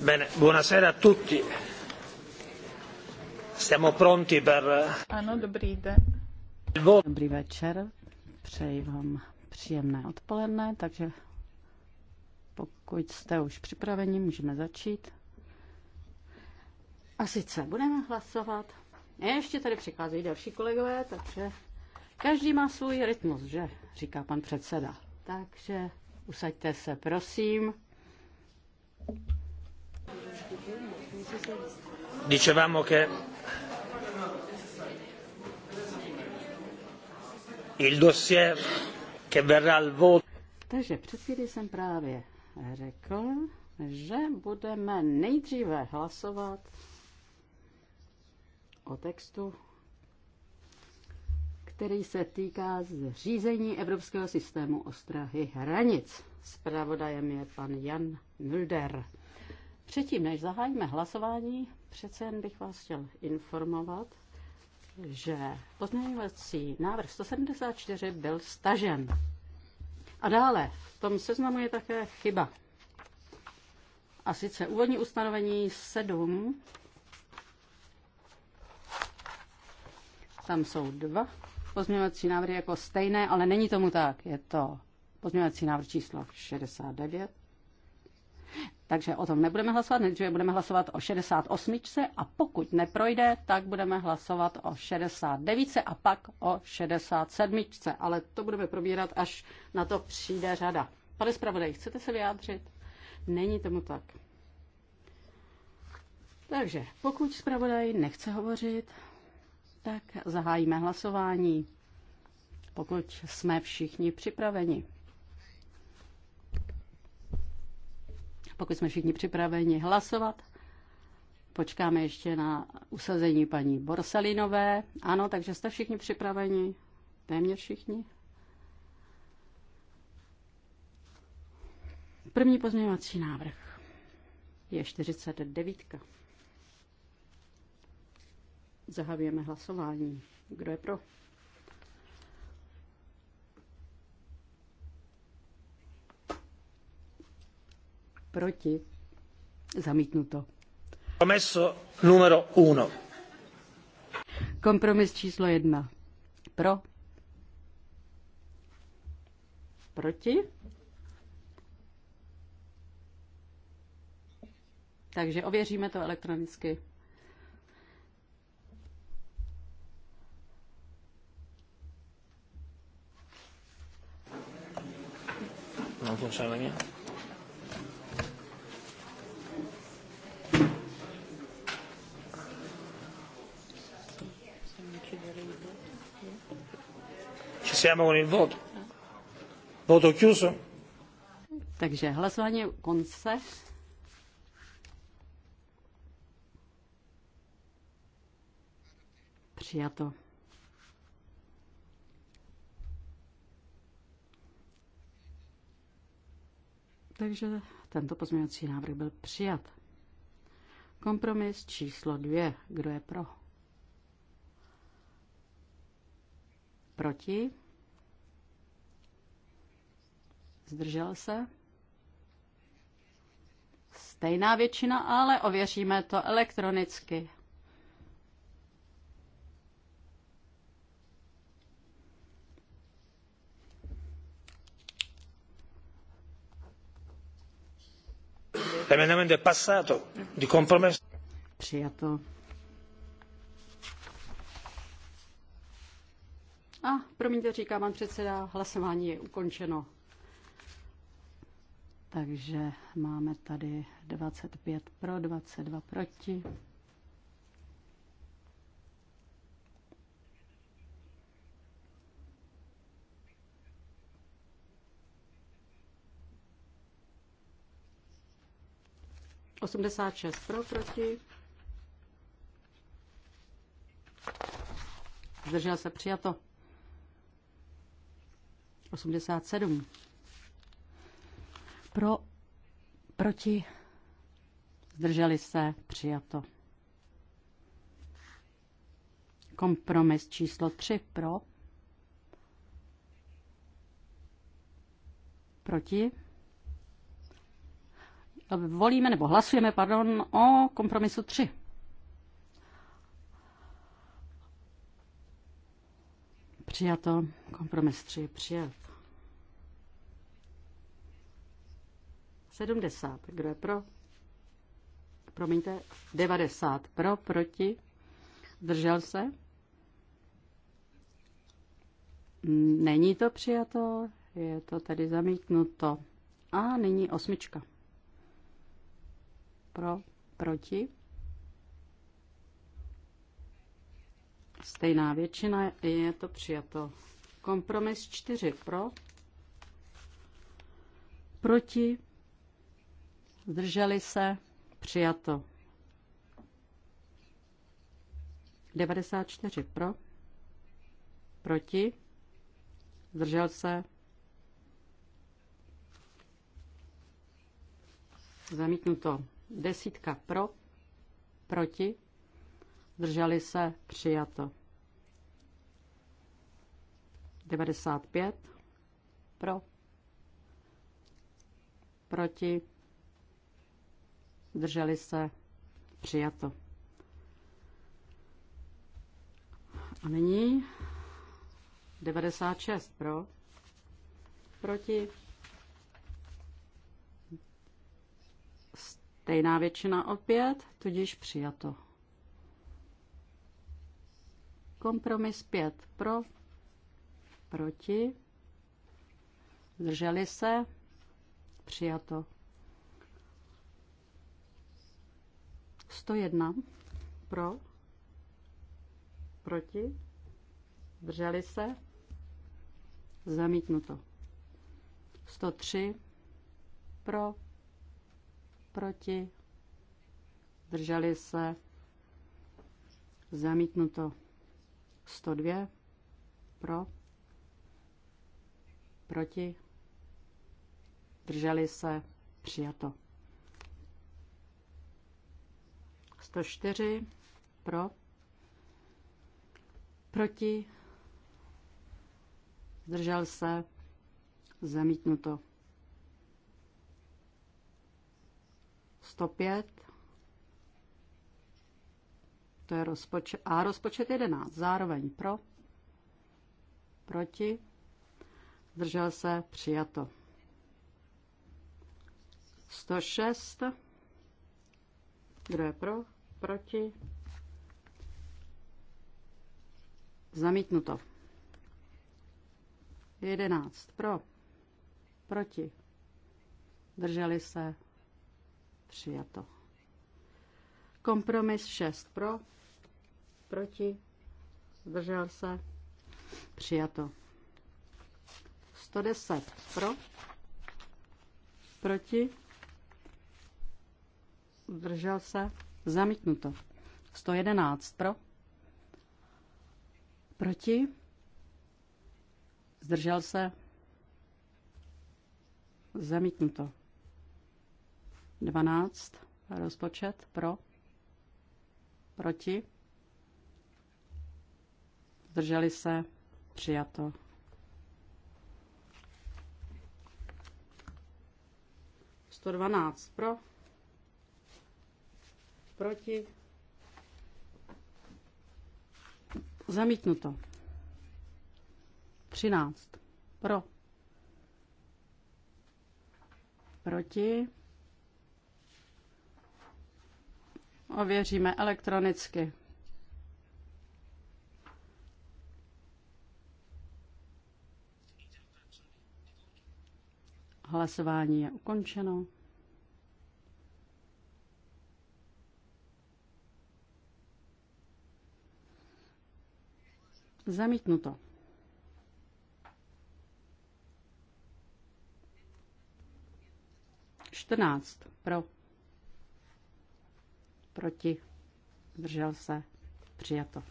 Bene, buonasera a tutti. Siamo pronti per... Ano, dobrý den. Eh, dobrý večer. Přeji vám příjemné odpoledne, takže pokud jste už připraveni, můžeme začít. A sice budeme hlasovat. Ještě tady přicházejí další kolegové, takže každý má svůj rytmus, že? Říká pan předseda. Takže usaďte se, prosím. dicevamo che il dossier che verrà al voto. Takže před chvíli jsem právě řekl, že budeme nejdříve hlasovat o textu, který se týká zřízení Evropského systému ostrahy hranic. Spravodajem je pan Jan Mulder. Předtím, než zahájíme hlasování, přece jen bych vás chtěl informovat, že pozměňovací návrh 174 byl stažen. A dále v tom seznamu je také chyba. A sice úvodní ustanovení 7. Tam jsou dva pozměňovací návrhy jako stejné, ale není tomu tak. Je to pozměňovací návrh číslo 69 takže o tom nebudeme hlasovat, nejdříve budeme hlasovat o 68. a pokud neprojde, tak budeme hlasovat o 69. a pak o 67. Ale to budeme probírat, až na to přijde řada. Pane zpravodaj, chcete se vyjádřit? Není tomu tak. Takže pokud zpravodaj nechce hovořit, tak zahájíme hlasování, pokud jsme všichni připraveni. Pokud jsme všichni připraveni hlasovat, počkáme ještě na usazení paní Borsalinové. Ano, takže jste všichni připraveni? Téměř všichni? První pozměňovací návrh je 49. Zahavíme hlasování. Kdo je pro? proti, zamítnuto. Promesso numero uno. Kompromis číslo jedna. Pro. Proti. Takže ověříme to elektronicky. No, to Siamo con il voto. Voto chiuso. Takže hlasování konce. Přijato. Takže tento pozměňovací návrh byl přijat. Kompromis číslo dvě. Kdo je pro? Proti? Zdržel se? Stejná většina, ale ověříme to elektronicky. L'emendamento è passato di compromesso. Přijato. A, promiňte, říká pan předseda, hlasování je ukončeno. Takže máme tady 25 pro, 22 proti. Osmdesát šest pro, proti. Zdržel se přijato. 87 pro, proti, zdrželi se, přijato. Kompromis číslo 3 pro, proti. Volíme nebo hlasujeme, pardon, o kompromisu 3. Přijato, kompromis 3 přijat. 70. Kdo je pro? Promiňte, 90. Pro, proti? Držel se? Není to přijato, je to tedy zamítnuto. A nyní osmička. Pro, proti? Stejná většina, je to přijato. Kompromis 4 pro, proti, zdrželi se, přijato. 94 pro, proti, zdržel se, zamítnuto. Desítka pro, proti, zdrželi se, přijato. 95 pro, proti, zdrželi se, přijato. A nyní 96 pro, proti, stejná většina opět, tudíž přijato. Kompromis 5 pro, proti, zdrželi se, přijato. 101 pro, proti, drželi se, zamítnuto. 103 pro, proti, drželi se, zamítnuto. 102 pro, proti, drželi se, přijato. 104 pro, proti, zdržel se, zamítnuto. 105, to je rozpočet, a rozpočet 11, zároveň pro, proti, zdržel se, přijato. 106, kdo je pro? proti, zamítnuto. 11 pro, proti, drželi se, přijato. Kompromis 6 pro, proti, zdržel se, přijato. 110 pro, proti, zdržel se, Zamítnuto. 111 pro. Proti. Zdržel se. Zamítnuto. 12. Rozpočet pro. Proti. Zdrželi se. Přijato. Sto dvanáct pro. Proti? Zamítnuto. 13. Pro. Proti? Ověříme elektronicky. Hlasování je ukončeno. Zamítnuto. Čtrnáct. Pro. Proti. Držel se. Přijato.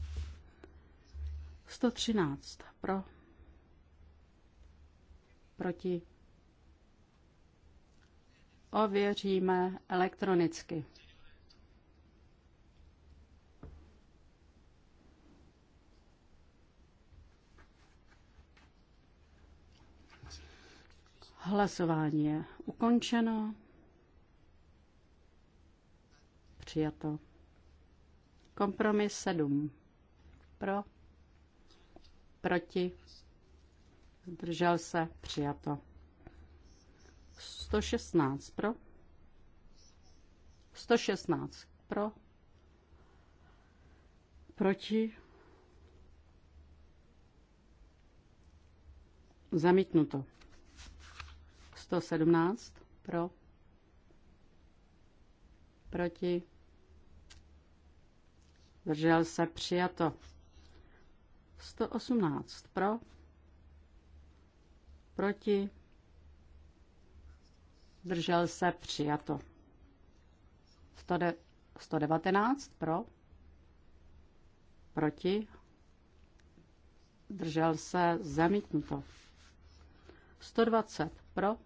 113. Pro. Proti. Ověříme elektronicky. Hlasování je ukončeno. Přijato. Kompromis 7. Pro. Proti. Zdržel se. Přijato. 116 pro. 116 pro. Proti. Zamítnuto. 117 pro, proti, držel se přijato. 118 pro, proti, držel se přijato. 119 pro, proti, držel se zamítnuto. 120 pro,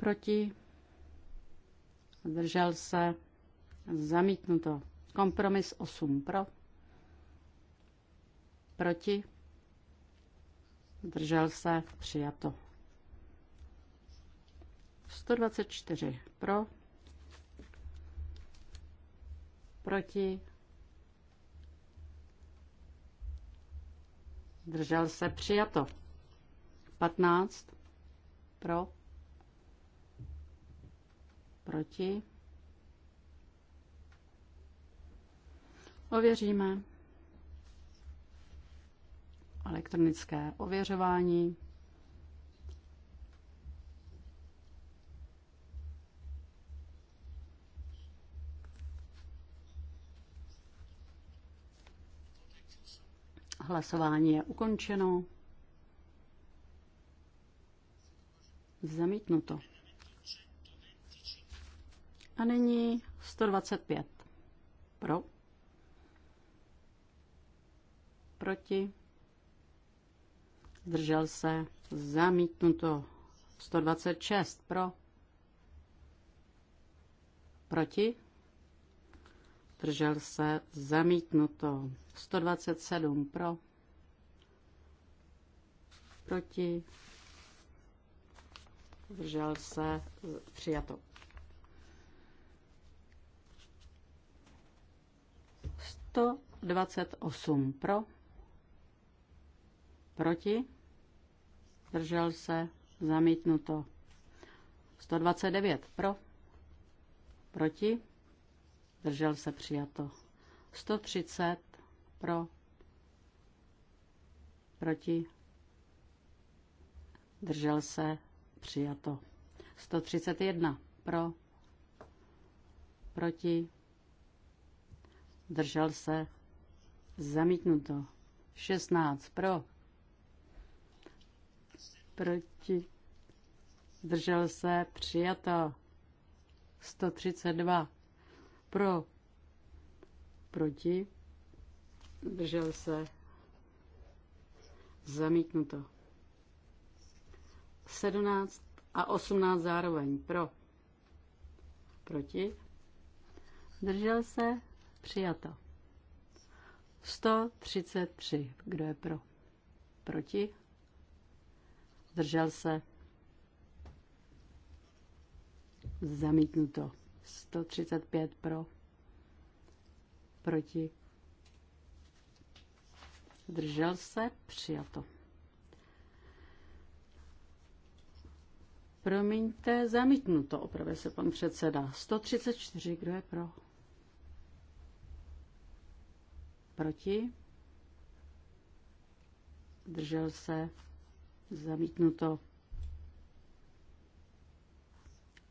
proti, držel se, zamítnuto. Kompromis 8 pro, proti, držel se, přijato. 124 pro, proti, držel se, přijato. 15 pro, Proti? Ověříme. Elektronické ověřování. Hlasování je ukončeno. Zamítnuto. A nyní 125. Pro. Proti. Zdržel se. Zamítnuto. 126. Pro. Proti. Držel se. Zamítnuto. 127. Pro. Proti. Držel se. Přijato. 128 pro, proti, zdržel se, zamítnuto. 129 pro, proti, zdržel se, přijato. 130 pro, proti, držel se, přijato. 131 pro, proti, Držel se? Zamítnuto. 16 pro. Proti. Zdržel se? Přijato. 132 pro. Proti. Držel se? Zamítnuto. 17 a 18 zároveň pro. Proti. Držel se Přijato. 133. Kdo je pro? Proti? Zdržel se? Zamítnuto. 135 pro. Proti? Držel se? Přijato. Promiňte, zamítnuto, opravil se pan předseda. 134, kdo je pro? Proti? Držel se? Zamítnuto.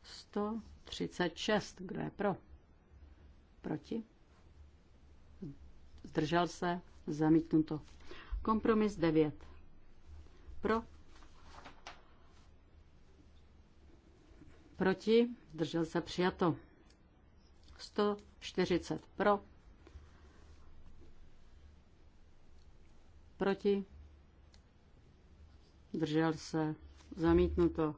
136. Kdo je pro? Proti? Zdržel se? Zamítnuto. Kompromis 9. Pro? Proti? Zdržel se? Přijato. 140 pro, Proti? Držel se. Zamítnuto.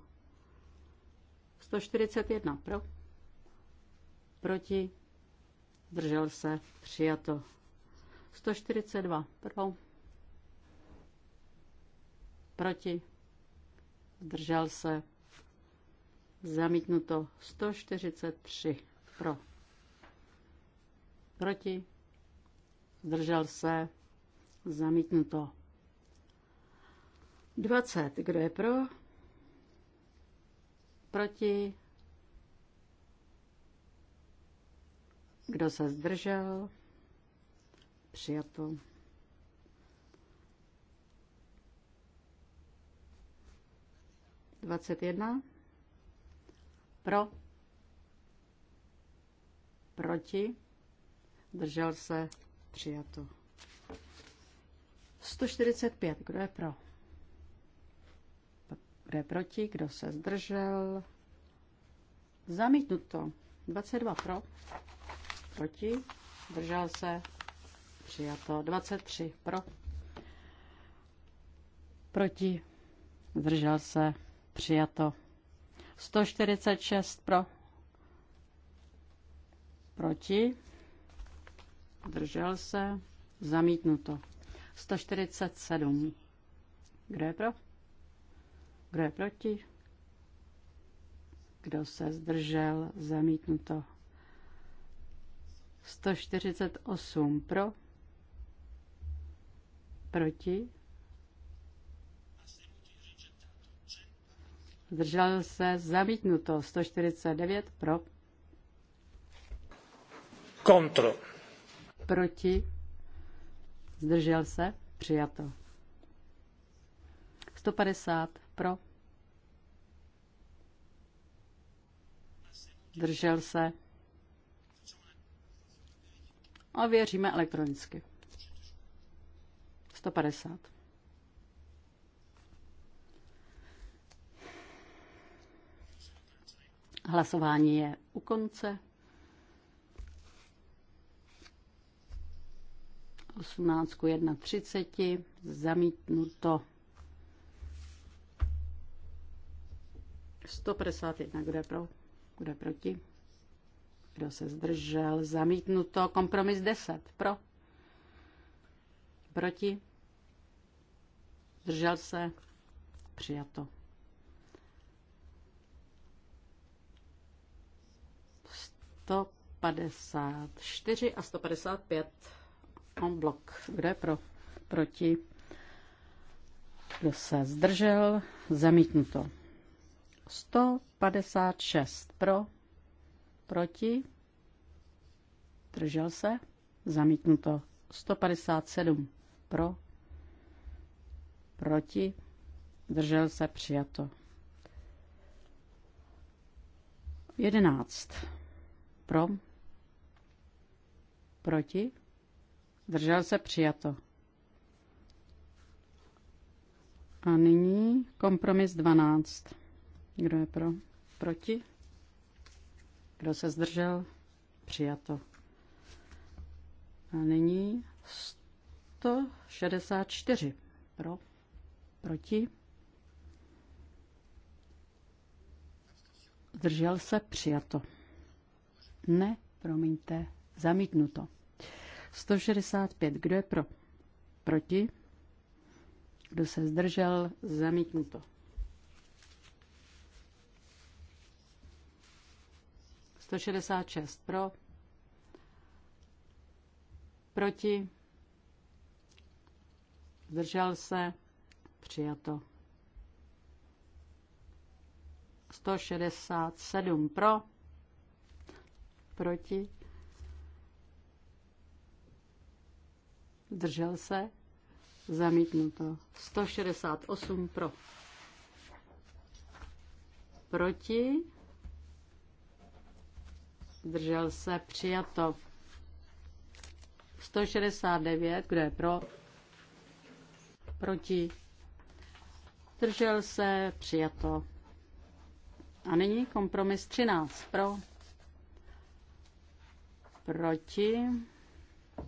141 pro. Proti? Držel se. Přijato. 142 pro. Proti? Držel se. Zamítnuto 143 pro. Proti? Zdržel se. Zamítnuto. 20. Kdo je pro? Proti? Kdo se zdržel? Přijato. Dvacet jedna. Pro. Proti. Držel se. Přijato. 145. Kdo je pro? Kdo je proti? Kdo se zdržel? Zamítnuto. 22 pro. Proti. Držel se. Přijato. 23 pro. Proti. Zdržel se. Přijato. 146 pro. Proti. Držel se. Zamítnuto. 147. Kdo je pro? Kdo je proti? Kdo se zdržel? Zamítnuto. 148 pro. Proti. Zdržel se zamítnuto. 149 pro. Kontro. Proti zdržel se, přijato. 150 pro, zdržel se. A věříme elektronicky. 150. Hlasování je u konce. 18 k 31, zamítnuto. 151, kdo je pro, kdo je proti, kdo se zdržel, zamítnuto, kompromis 10, pro, proti, zdržel se, přijato. 154 a 155 en bloc. Kde pro? Proti? Kdo se zdržel? Zamítnuto. 156 pro, proti, držel se, zamítnuto. 157 pro, proti, držel se, přijato. 11 pro, proti, Zdržel se přijato. A nyní kompromis 12. Kdo je pro? Proti? Kdo se zdržel? Přijato. A nyní 164. Pro? Proti? Zdržel se? Přijato. Ne, promiňte, zamítnuto. 165. Kdo je pro? Proti? Kdo se zdržel? Zamítnuto. 166 pro, proti, zdržel se, přijato. 167 pro, proti, Zdržel se? Zamítnuto. 168 pro. Proti? Zdržel se? Přijato. 169, kdo je pro? Proti? Zdržel se? Přijato. A nyní kompromis 13 pro. Proti?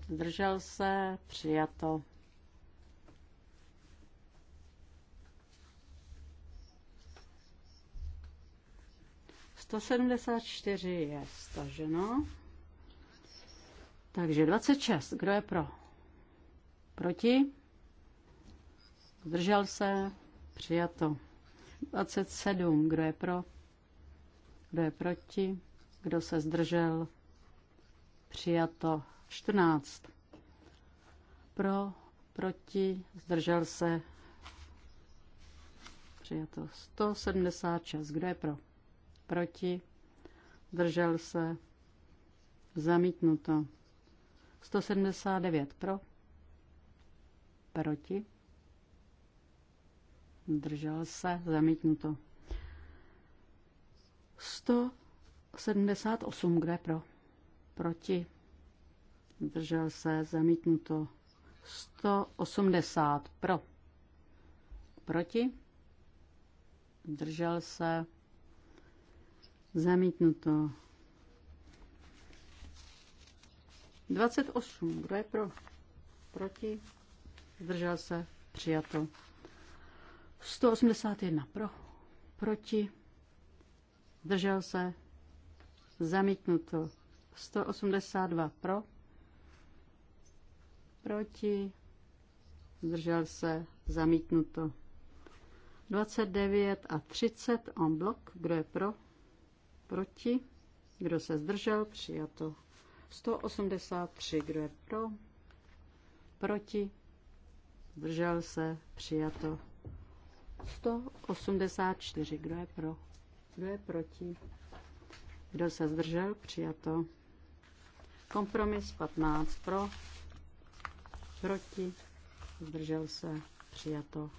zdržel se, přijato. Sto sedmdesát čtyři je staženo. Takže 26. Kdo je pro? Proti? Zdržel se? Přijato. 27. Kdo je pro? Kdo je proti? Kdo se zdržel? Přijato. 14. Pro, proti, zdržel se. Přijato 176. Kdo je pro? Proti, zdržel se. Zamítnuto. 179 pro. Proti. zdržel se. Zamítnuto. 178 Kdo je pro. Proti. Držel se zamítnuto 180 pro. Proti. Držel se zamítnuto 28. Kdo je pro? Proti. Zdržel se přijato 181 pro. Proti. Zdržel se zamítnuto 182 pro proti, zdržel se, zamítnuto. 29 a 30 on blok, kdo je pro, proti, kdo se zdržel, přijato. 183, kdo je pro, proti, zdržel se, přijato. 184, kdo je pro, kdo je proti, kdo se zdržel, přijato. Kompromis 15 pro, proti, zdržel se, přijato.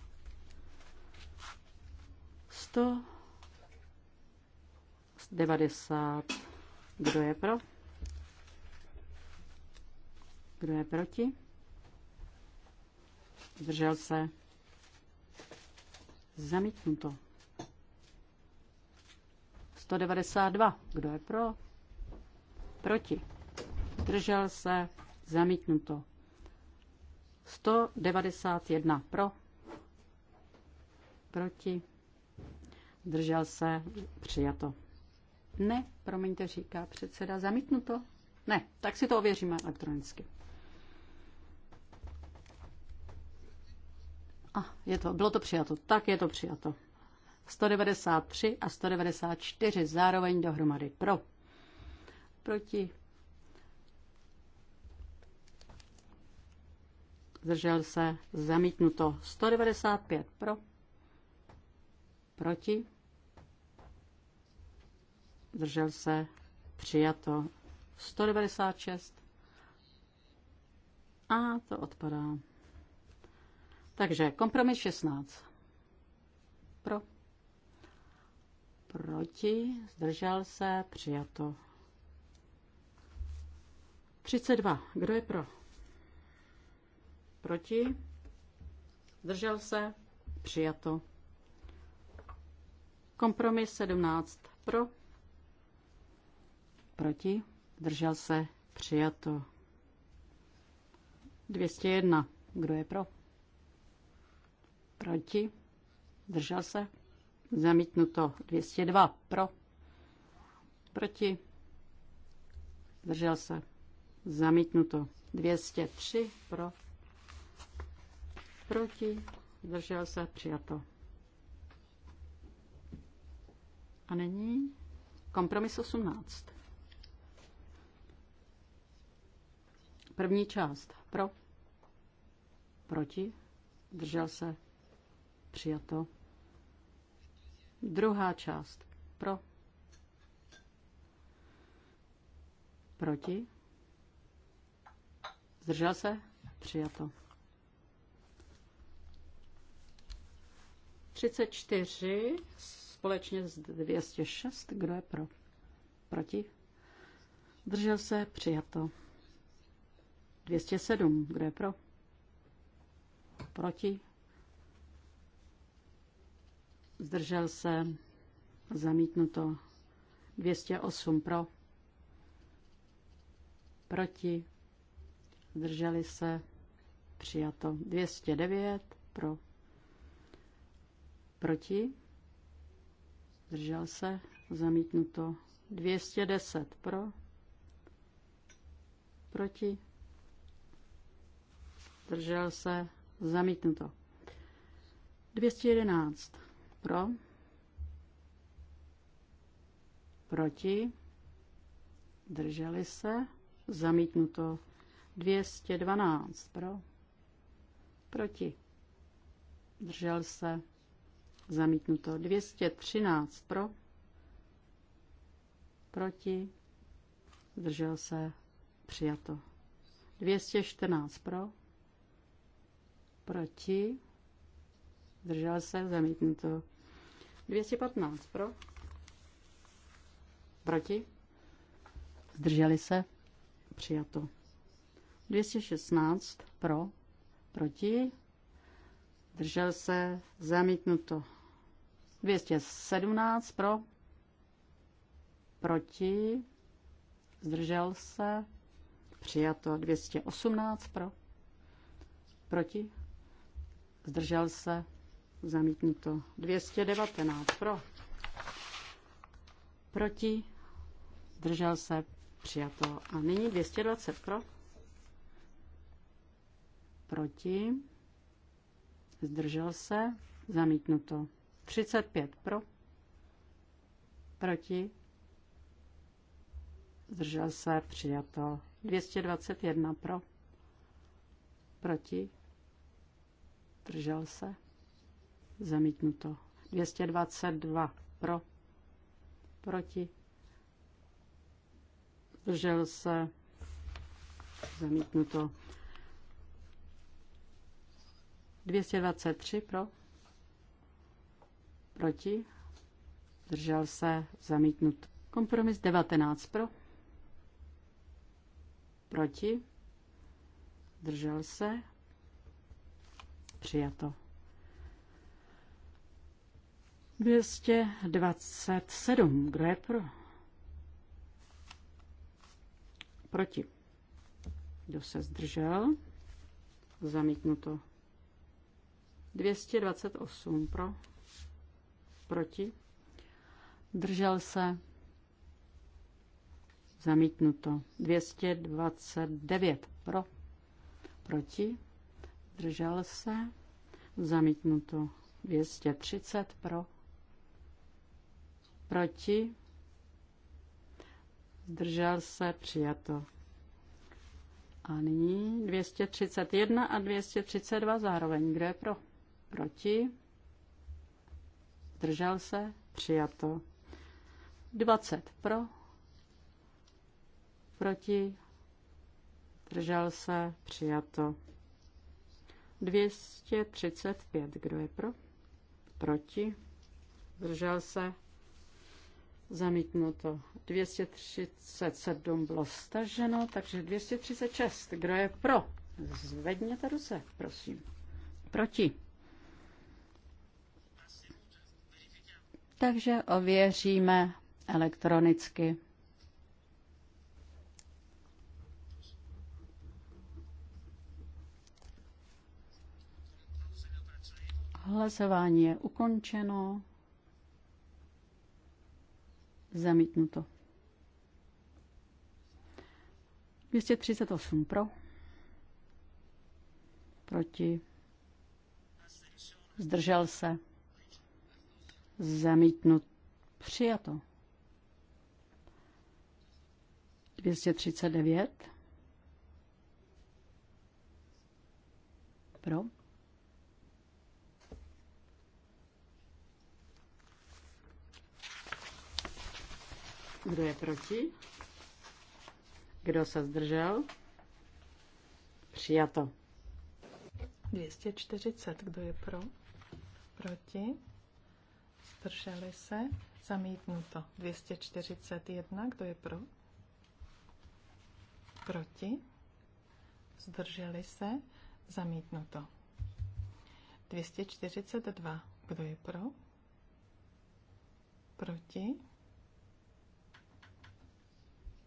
190, kdo je pro? Kdo je proti? Zdržel se. Zamítnuto. 192. Kdo je pro? Proti. držel se. Zamítnuto. 191 pro, proti, držel se, přijato. Ne, promiňte, říká předseda, zamítnuto? Ne, tak si to ověříme elektronicky. A, ah, je to, bylo to přijato, tak je to přijato. 193 a 194 zároveň dohromady pro. Proti zdržel se, zamítnuto. 195 pro, proti, zdržel se, přijato. 196 a to odpadá. Takže kompromis 16. Pro. Proti, zdržel se, přijato. 32. Kdo je pro? Proti? Zdržel se? Přijato. Kompromis 17 pro. Proti? Zdržel se? Přijato. 201. Kdo je pro? Proti? Zdržel se? Zamítnuto. 202. Pro? Proti? Zdržel se? Zamítnuto. 203 pro Proti? Zdržel se? Přijato. A není kompromis 18. První část. Pro? Proti? Zdržel se? Přijato. Druhá část. Pro? Proti? Zdržel se? Přijato. 34 společně s 206. Kdo je pro? Proti? Držel se? Přijato. 207. Kdo je pro? Proti? Zdržel se? Zamítnuto. 208 pro. Proti? Zdrželi se? Přijato. 209 pro Proti? Zdržel se? Zamítnuto. 210 pro? Proti? Zdržel se? Zamítnuto. 211 pro? Proti? Drželi se? Zamítnuto. 212 pro? Proti? Držel se? Zamítnuto. 213 pro. Proti. Zdržel se. Přijato. 214 pro. Proti. Zdržel se. Zamítnuto. 215 pro. Proti. Zdrželi se. Přijato. 216 pro. Proti. Držel se. Zamítnuto. 217 pro, proti, zdržel se, přijato 218 pro, proti, zdržel se, zamítnuto 219 pro, proti, zdržel se, přijato a nyní 220 pro, proti, zdržel se, zamítnuto. 35 pro, proti, zdržel se, přijato. 221 pro, proti, zdržel se, zamítnuto. 222 pro, proti, zdržel se, zamítnuto. 223 pro, Proti? Držel se zamítnut. Kompromis 19 pro. Proti? Držel se. Přijato. 227. Kdo je pro? Proti. Kdo se zdržel? Zamítnuto. 228 pro. Proti? Držel se? Zamítnuto. 229 pro. Proti? Držel se? Zamítnuto. 230 pro. Proti? držel se? Přijato. A nyní 231 a 232 zároveň. Kdo je pro? Proti? zdržel se, přijato. 20 pro, proti, zdržel se, přijato. 235, kdo je pro, proti, zdržel se, zamítnuto. 237 bylo staženo, takže 236, kdo je pro, zvedněte ruce, prosím. Proti. takže ověříme elektronicky. Hlasování je ukončeno. Zamítnuto. 238 pro. Proti. Zdržel se. Zamítnut. Přijato. 239. Pro. Kdo je proti? Kdo se zdržel? Přijato. 240. Kdo je pro? Proti? zdrželi se, zamítnuto. 241, kdo je pro? Proti, zdrželi se, zamítnuto. 242, kdo je pro? Proti,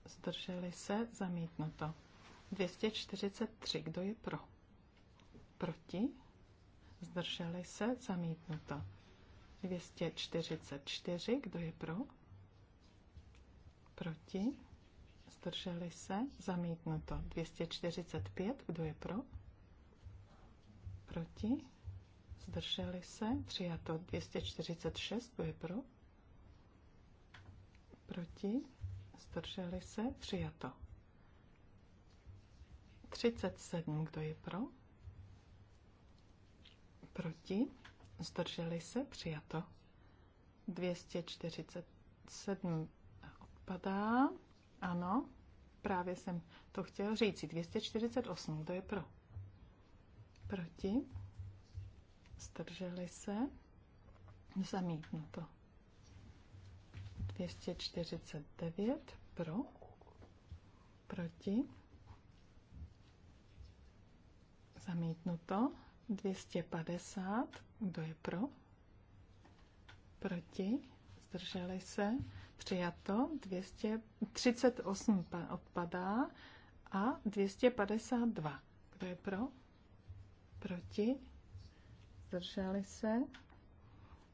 zdrželi se, zamítnuto. 243, kdo je pro? Proti, zdrželi se, zamítnuto. 244. Kdo je pro? Proti? Zdrželi se? Zamítnuto. 245. Kdo je pro? Proti? Zdrželi se? Přijato. 246. Kdo je pro? Proti? Zdrželi se? Přijato. 37. Kdo je pro? Proti? zdrželi se, přijato. 247 odpadá, ano, právě jsem to chtěl říct. 248, kdo je pro? Proti? Zdrželi se? Zamítnu to. 249 pro? Proti? Zamítnuto. 250 kdo je pro? Proti? Zdrželi se? Přijato. 238 odpadá. A 252. Kdo je pro? Proti? Zdrželi se?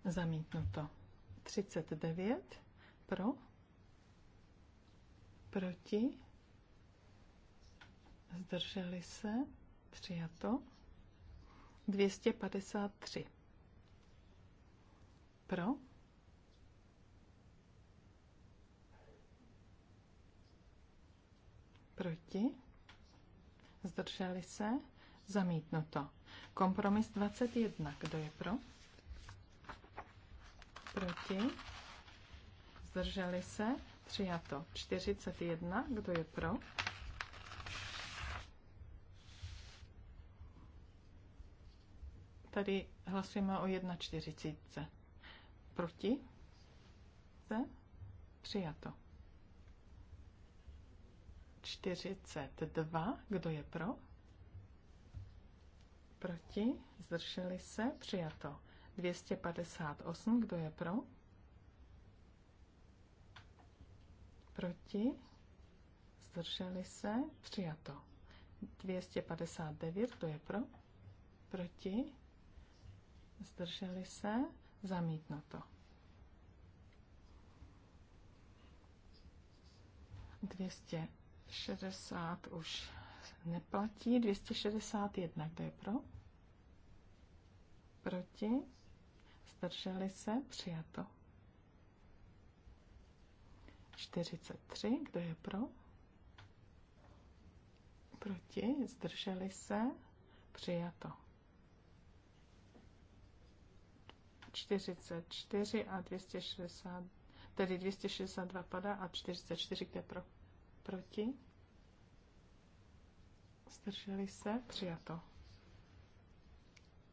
Zamítnuto. 39. Pro? Proti? Zdrželi se? Přijato. 253. Pro? Proti? Zdrželi se? Zamítnuto. Kompromis 21. Kdo je pro? Proti? Zdrželi se? Přijato. 41. Kdo je pro? Tady hlasujeme o 1,40. Proti? Se? Přijato. 42. Kdo je pro? Proti? Zdrželi se? Přijato. 258. Kdo je pro? Proti? Zdrželi se? Přijato. 259. Kdo je pro? Proti? zdrželi se, Dvěstě 260 už neplatí, 261, kdo je pro? Proti, zdrželi se, přijato. 43, kdo je pro? Proti, zdrželi se, přijato. 44 a 260, tedy 262 padá a 44, kde pro, proti. Zdrželi se, přijato.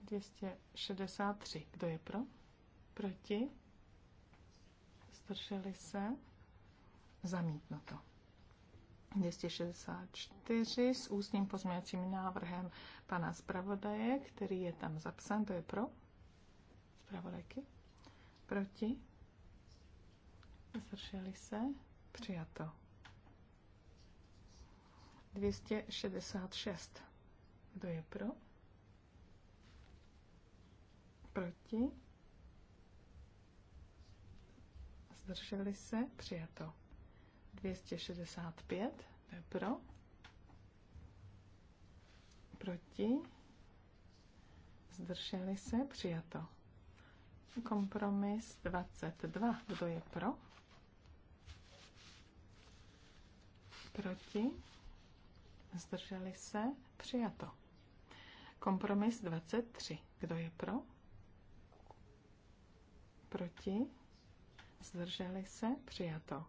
263, kdo je pro? Proti. Zdrželi se, zamítnuto. 264 s ústním pozměňovacím návrhem pana zpravodaje, který je tam zapsán, to je pro zpravodajky. Proti? Zdrželi se? Přijato. 266. Kdo je pro? Proti? Zdrželi se? Přijato. 265. Kdo je pro? Proti? Zdrželi se? Přijato. Kompromis 22. Kdo je pro? Proti? Zdrželi se? Přijato. Kompromis 23. Kdo je pro? Proti? Zdrželi se? Přijato.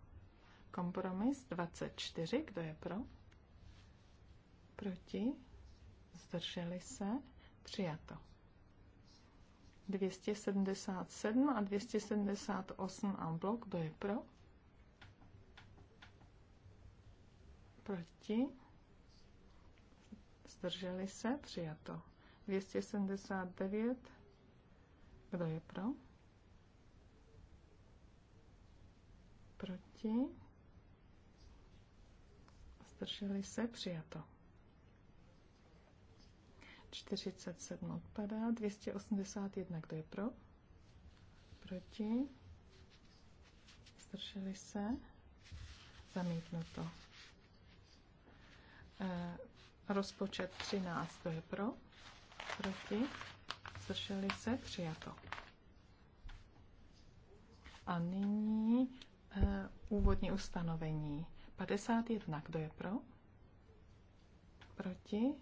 Kompromis 24. Kdo je pro? Proti? Zdrželi se? Přijato. 277 a 278 a blok B pro. Proti. Zdrželi se, přijato. 279. Kdo je pro? Proti. Zdrželi se, přijato. 47 odpadá. 281, kdo je pro? Proti? Zdrželi se? Zamítnuto. E, rozpočet 13, kdo je pro? Proti? Zdrželi se? Přijato. A nyní e, úvodní ustanovení. 51, kdo je pro? Proti?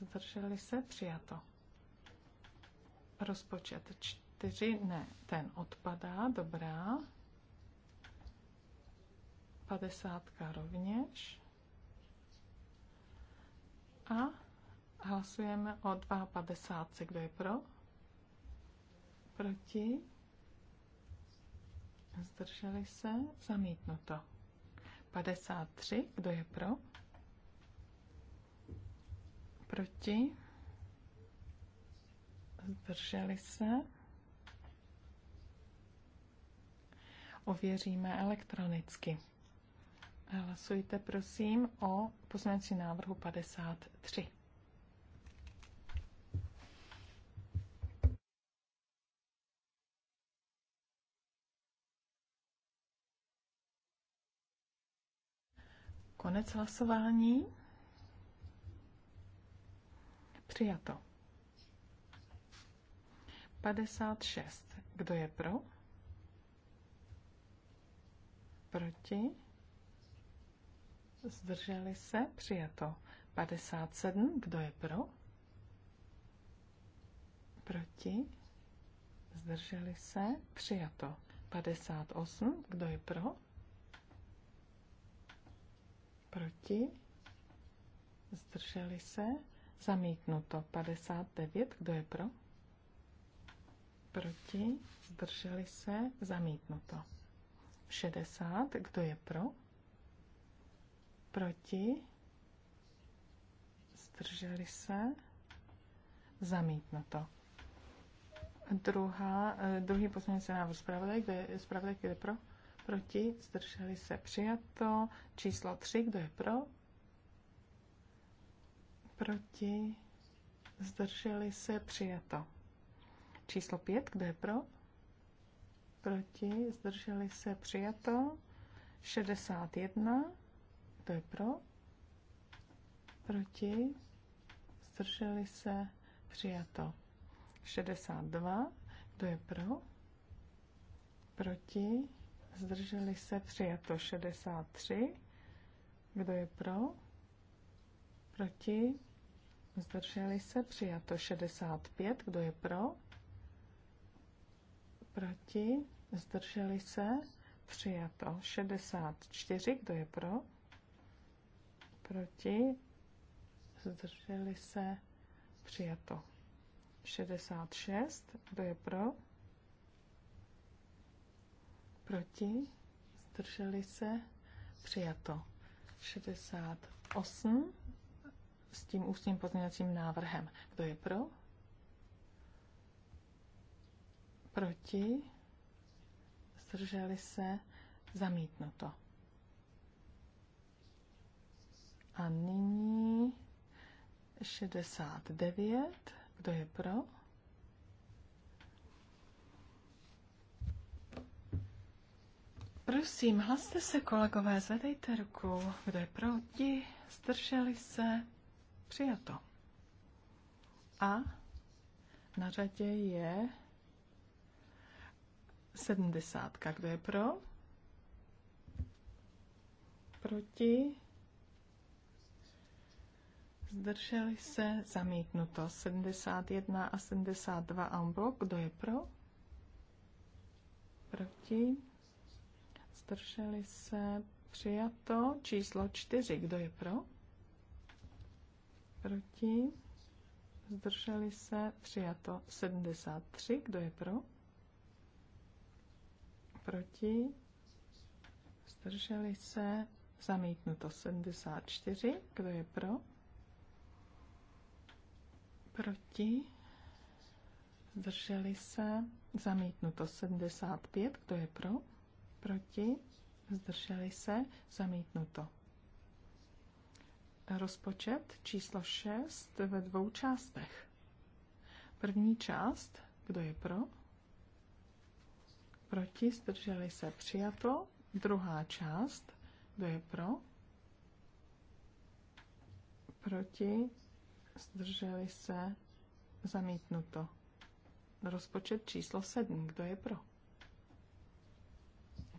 zdrželi se, přijato. Rozpočet 4, ne, ten odpadá, dobrá. 50 rovněž. A hlasujeme o 2,50, kdo je pro? Proti? Zdrželi se? Zamítnuto. 53, kdo je pro? Proti? Zdrželi se? Ověříme elektronicky. Hlasujte prosím o poslanecí návrhu 53. Konec hlasování. Přijato. 56. Kdo je pro? Proti? Zdrželi se? Přijato. 57. Kdo je pro? Proti? Zdrželi se? Přijato. 58. Kdo je pro? Proti? Zdrželi se? Zamítnuto 59. Kdo je pro? Proti? Zdrželi se? Zamítnuto. 60. Kdo je pro? Proti? Zdrželi se? Zamítnuto. Druhá, eh, druhý poslanec se návrh zpravodaj, je, zpravodaj, je pro? Proti? Zdrželi se? Přijato. Číslo 3. Kdo je pro? proti, zdrželi se, přijato. Číslo 5, kde je pro? Proti, zdrželi se, přijato. 61, kdo je pro? Proti, zdrželi se, přijato. 62, kdo je pro? Proti, zdrželi se, přijato. 63, kdo je pro? Proti, Zdrželi se? Přijato 65. Kdo je pro? Proti? Zdrželi se? Přijato 64. Kdo je pro? Proti? Zdrželi se? Přijato 66. Kdo je pro? Proti? Zdrželi se? Přijato 68 s tím ústním pozměňovacím návrhem. Kdo je pro? Proti? Zdrželi se? Zamítnuto. A nyní 69. Kdo je pro? Prosím, hlaste se, kolegové, zvedejte ruku. Kdo je proti? Zdrželi se? Přijato. A na řadě je sedmdesátka. Kdo je pro? Proti? Zdrželi se zamítnuto 71 a 72 en bloc. Kdo je pro? Proti? Zdrželi se přijato číslo 4. Kdo je pro? proti, zdrželi se, přijato 73, kdo je pro, proti, zdrželi se, zamítnuto 74, kdo je pro, proti, zdrželi se, zamítnuto 75, kdo je pro, proti, zdrželi se, zamítnuto rozpočet číslo 6 ve dvou částech. První část, kdo je pro? Proti, zdrželi se, přijato. Druhá část, kdo je pro? Proti, zdrželi se, zamítnuto. Rozpočet číslo 7, kdo je pro?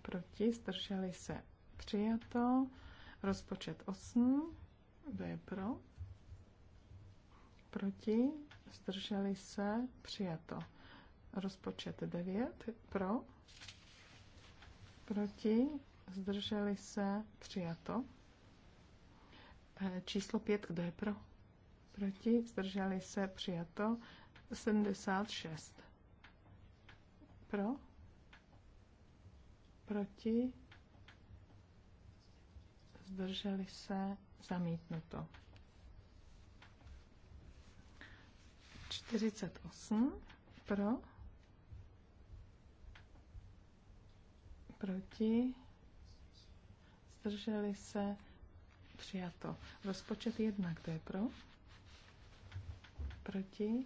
Proti, zdrželi se, přijato. Rozpočet 8, kdo je pro? Proti? Zdrželi se? Přijato. Rozpočet 9. Pro? Proti? Zdrželi se? Přijato. E, číslo 5. Kdo je pro? Proti? Zdrželi se? Přijato. 76. Pro? Proti? Zdrželi se? Zamítnuto. 48 pro, proti, zdrželi se, přijato. Rozpočet 1, kdo je pro, proti,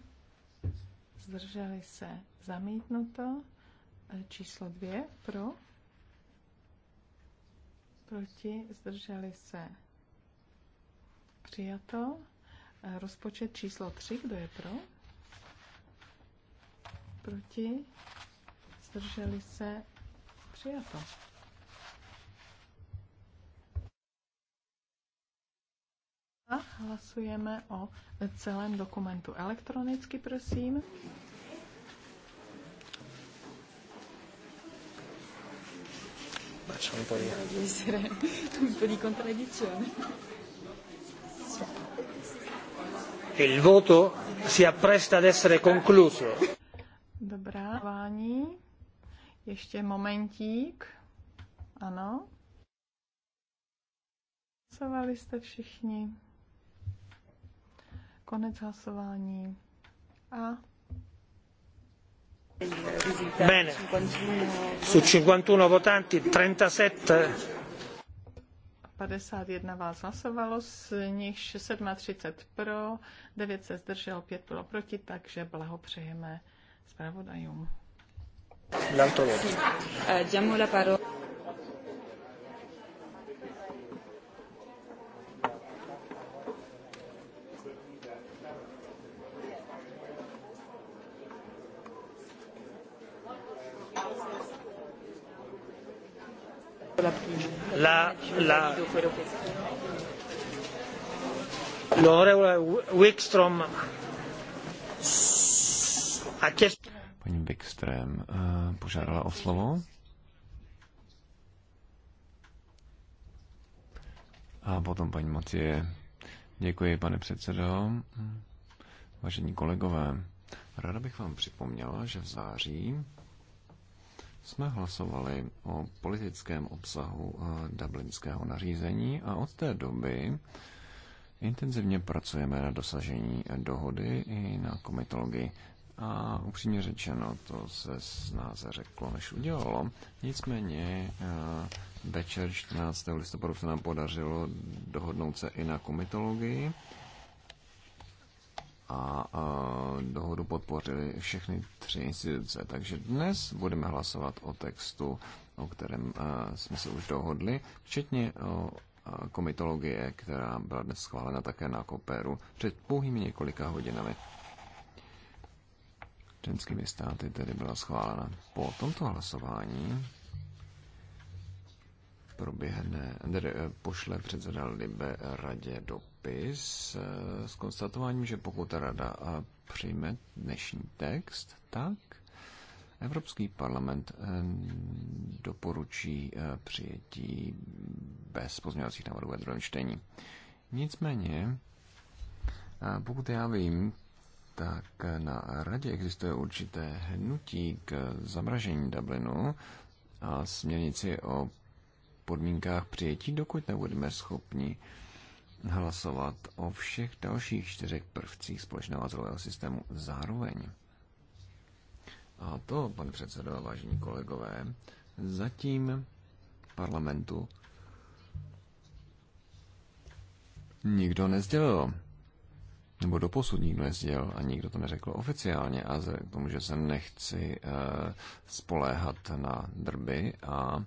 zdrželi se, zamítnuto. E, číslo 2 pro, proti, zdrželi se, Přijato. E, rozpočet číslo 3, kdo je pro? Proti? Zdrželi se? Přijato. A hlasujeme o celém dokumentu elektronicky, prosím. Facciamo un po' di... Deve essere un po' di contraddizione il voto si appresta ad essere concluso. Dobrá, vání. Ještě momentík. Ano. Hlasovali jste všichni. Konec hlasování. A Bene, su 51 votanti 37 51 vás hlasovalo, z nich 630 pro, 9 se zdrželo, 5 bylo proti, takže blahopřejeme zpravodajům. Diamo eh, la la... L'onorevole Wikström acest... Paní Wikström uh, eh, požádala o slovo. A potom paní Matěje. Děkuji, pane předsedo. Vážení kolegové, ráda bych vám připomněla, že v září jsme hlasovali o politickém obsahu eh, dublinského nařízení a od té doby intenzivně pracujeme na dosažení dohody i na komitologii. A upřímně řečeno, to se snáze řeklo, než udělalo. Nicméně eh, večer 14. listopadu se nám podařilo dohodnout se i na komitologii a, dohodu podpořili všechny tři instituce. Takže dnes budeme hlasovat o textu, o kterém jsme se už dohodli, včetně o komitologie, která byla dnes schválena také na Koperu před pouhými několika hodinami. Členskými státy tedy byla schválena. Po tomto hlasování proběhne, tedy pošle předseda Libe radě do dopis eh, s konstatováním, že pokud Rada eh, přijme dnešní text, tak Evropský parlament eh, doporučí přijetí bez pozměňovacích návrhů ve druhém čtení. Nicméně, pokud já vím, tak na radě existuje určité hnutí k zamražení Dublinu a směrnici o podmínkách přijetí, dokud nebudeme schopni hlasovat o všech dalších čtyřech prvcích společného azylového systému zároveň. A to, pane předsedo a vážení kolegové, zatím parlamentu nikdo nezdělil. Nebo doposud nikdo nezdělil a nikdo to neřekl oficiálně a k tomu, že se nechci uh, spoléhat na drby a uh,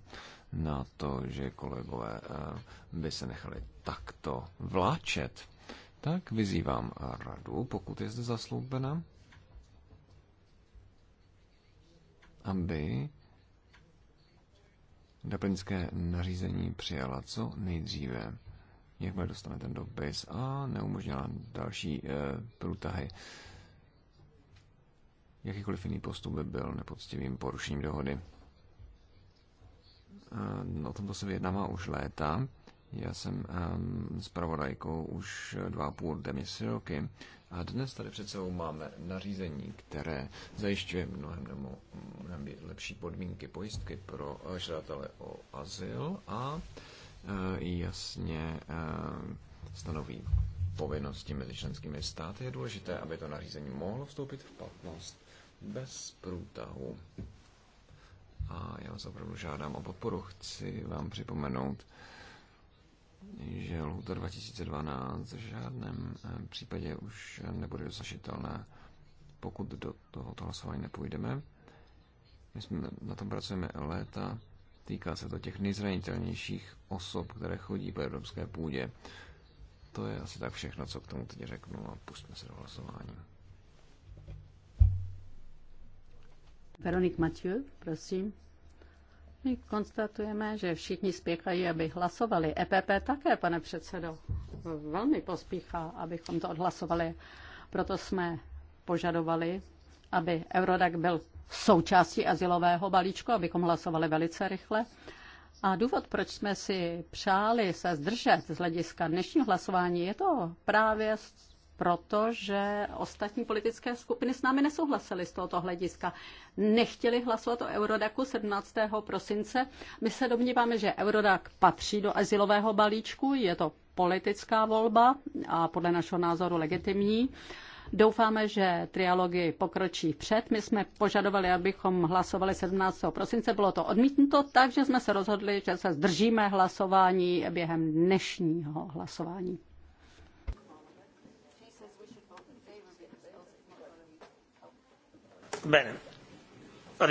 na to, že kolegové eh, by se nechali takto vláčet, tak vyzývám radu, pokud je zde zasloubena, aby Dublinské nařízení přijala co nejdříve, jakmile dostane ten dopis a neumožnila další e, průtahy. Jakýkoliv jiný postup by byl nepoctivým porušením dohody. Eh, o tomto se vyjednává už léta. Já jsem s ehm, pravodajkou už dva a půl, téměř roky. A dnes tady před sebou máme nařízení, které zajišťuje mnohem, nebo mnohem lepší podmínky pojistky pro eh, žadatele o azyl a eh, jasně stanoví povinnosti mezi členskými státy. Je důležité, aby to nařízení mohlo vstoupit v platnost bez průtahu a já vás opravdu žádám o podporu. Chci vám připomenout, že lhuta 2012 v žádném eh, případě už nebude dosažitelná, pokud do tohoto hlasování nepůjdeme. My jsme na tom pracujeme léta, týká se to těch nejzranitelnějších osob, které chodí po evropské půdě. To je asi tak všechno, co k tomu teď řeknu a pustíme se do hlasování. Veronik Mathieu, prosím. My konstatujeme, že všichni spěchají, aby hlasovali. EPP také, pane předsedo, velmi pospíchá, abychom to odhlasovali. Proto jsme požadovali, aby Eurodac byl součástí asilového balíčku, abychom hlasovali velice rychle. A důvod, proč jsme si přáli se zdržet z hlediska dnešního hlasování, je to právě protože ostatní politické skupiny s námi nesouhlasily z tohoto hlediska. Nechtěli hlasovat o Eurodaku 17. prosince. My se domníváme, že Eurodak patří do asilového balíčku, je to politická volba a podle našeho názoru legitimní. Doufáme, že trialogy pokročí před. My jsme požadovali, abychom hlasovali 17. prosince. Bylo to odmítnuto, takže jsme se rozhodli, že se zdržíme hlasování během dnešního hlasování. a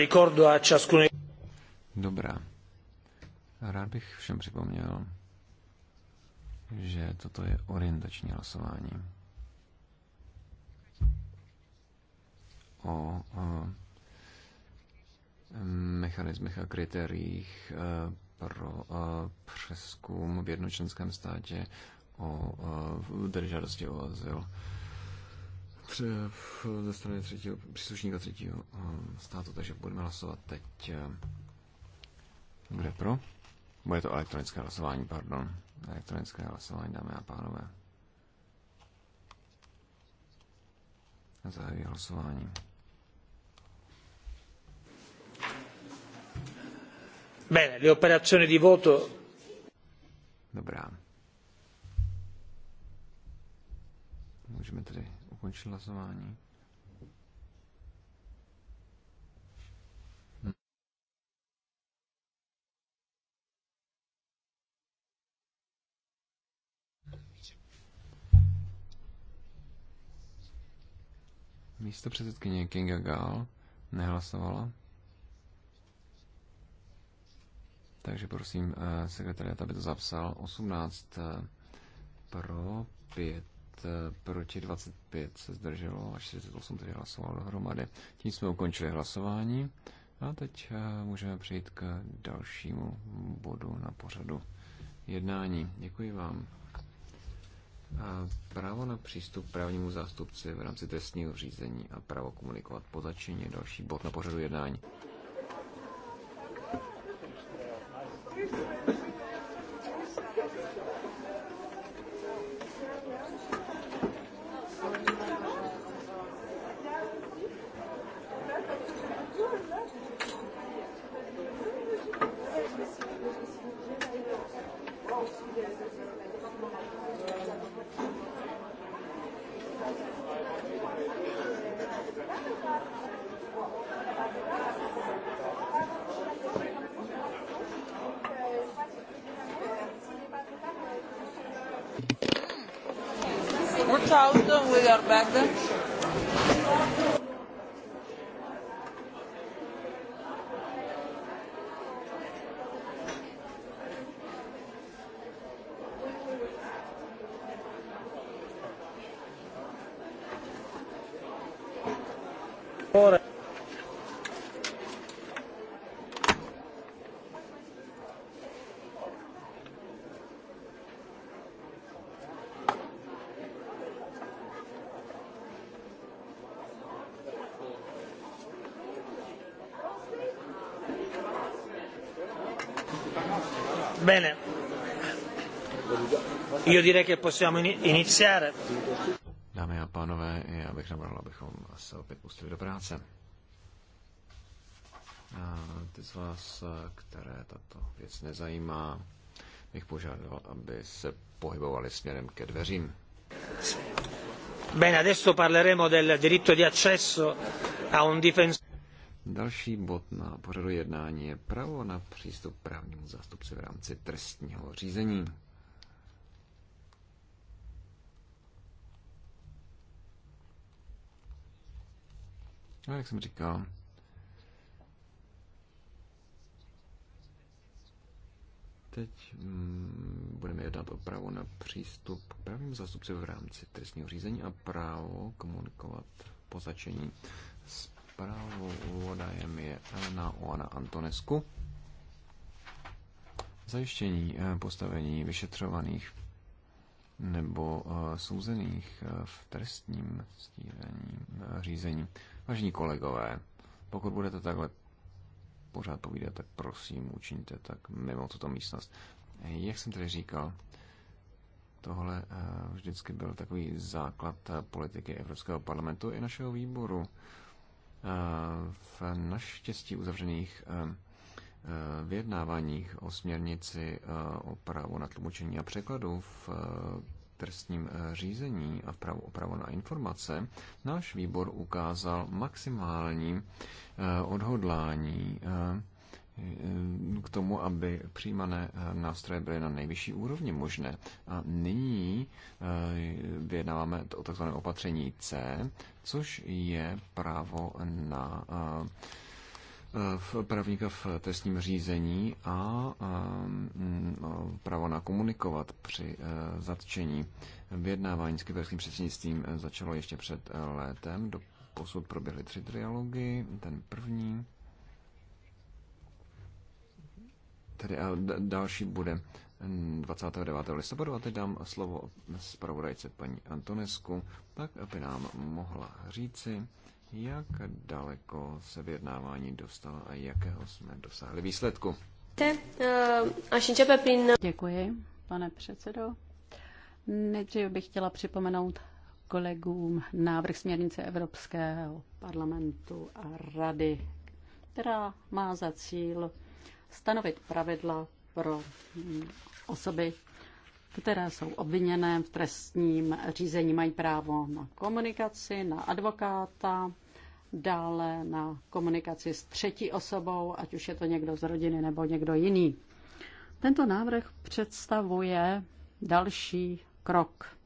Dobrá. Rád bych všem připomněl, že toto je orientační hlasování. O, o mechanismech a kritériích e, pro e, přeskum v jednočlenském státě o o e, žádosti o azyl ze strany třetího, příslušníka třetího eh, státu, takže budeme hlasovat teď. Eh, kde pro? Bude to elektronické hlasování, pardon. Elektronické hlasování, dámy a pánové. Zahajuji hlasování. Bene, le operazioni di voto. Dobrá. Můžeme tedy ukončit hlasování. Místo předsedkyně Kinga Gál nehlasovala. Takže prosím eh, sekretariat, aby to zapsal. 18 eh, pro, 5 E, proti 25 se zdrželo a 48 tedy hlasovalo dohromady. Tím jsme ukončili hlasování a teď e, můžeme přejít k dalšímu bodu na pořadu jednání. Děkuji vám. A e, právo na přístup právnímu zástupci v rámci trestního řízení a právo komunikovat po začení další bod na pořadu jednání. Io direi che possiamo iniziare. Dámy a pánové, já bych navrhl, abychom se opět pustili do práce. A ty z vás, které tato věc nezajímá, bych požádal, aby se pohybovali směrem ke dveřím. Bene, adesso parleremo del diritto di accesso a un difensore. Další bod na pořadu jednání je právo na přístup právnímu zástupci v rámci trestního řízení. No, jak jsem říkal, teď mm, budeme jednat o právo na přístup k právnímu zástupci v rámci trestního řízení a právo komunikovat po začení. Zprávou vodajem je Elena Oana Antonesku. Zajištění eh, postavení vyšetřovaných nebo eh, souzených eh, v trestním stílení, řízení Vážení kolegové, pokud budete takhle pořád povídat, tak prosím, učiňte tak mimo tuto místnost. Jak jsem tedy říkal, tohle eh, vždycky byl takový základ eh, politiky Evropského parlamentu i našeho výboru. Eh, v naštěstí uzavřených vyjednáváních o směrnici o právu na tlumočení a překladu v trestním eh, řízení a právo, právo na informace, náš výbor ukázal maximální eh, odhodlání eh, k tomu, aby přijímané nástroje byly na nejvyšší úrovni možné. A nyní vyjednáváme o tzv. opatření C, což je právo na právníka v trestním řízení a právo na komunikovat při e, zatčení. Vyjednávání s kyberským předsednictvím e, začalo ještě před e, létem. Do posud proběhly tři trialogy. Ten první tedy a další bude 29. listopadu a teď dám slovo zpravodajce paní Antonesku, tak aby nám mohla říci, jak daleko se vyjednávání dostalo a jakého jsme dosáhli výsledku. Eh, Děkuji, pane předsedo. Nejdříve bych chtěla připomenout kolegům návrh směrnice Evropského parlamentu a rady, která má za cíl stanovit pravidla pro osoby které jsou obviněné v trestním řízení, mají právo na komunikaci, na advokáta, dále na komunikaci s třetí osobou, ať už je to někdo z rodiny nebo někdo jiný. Tento návrh představuje další krok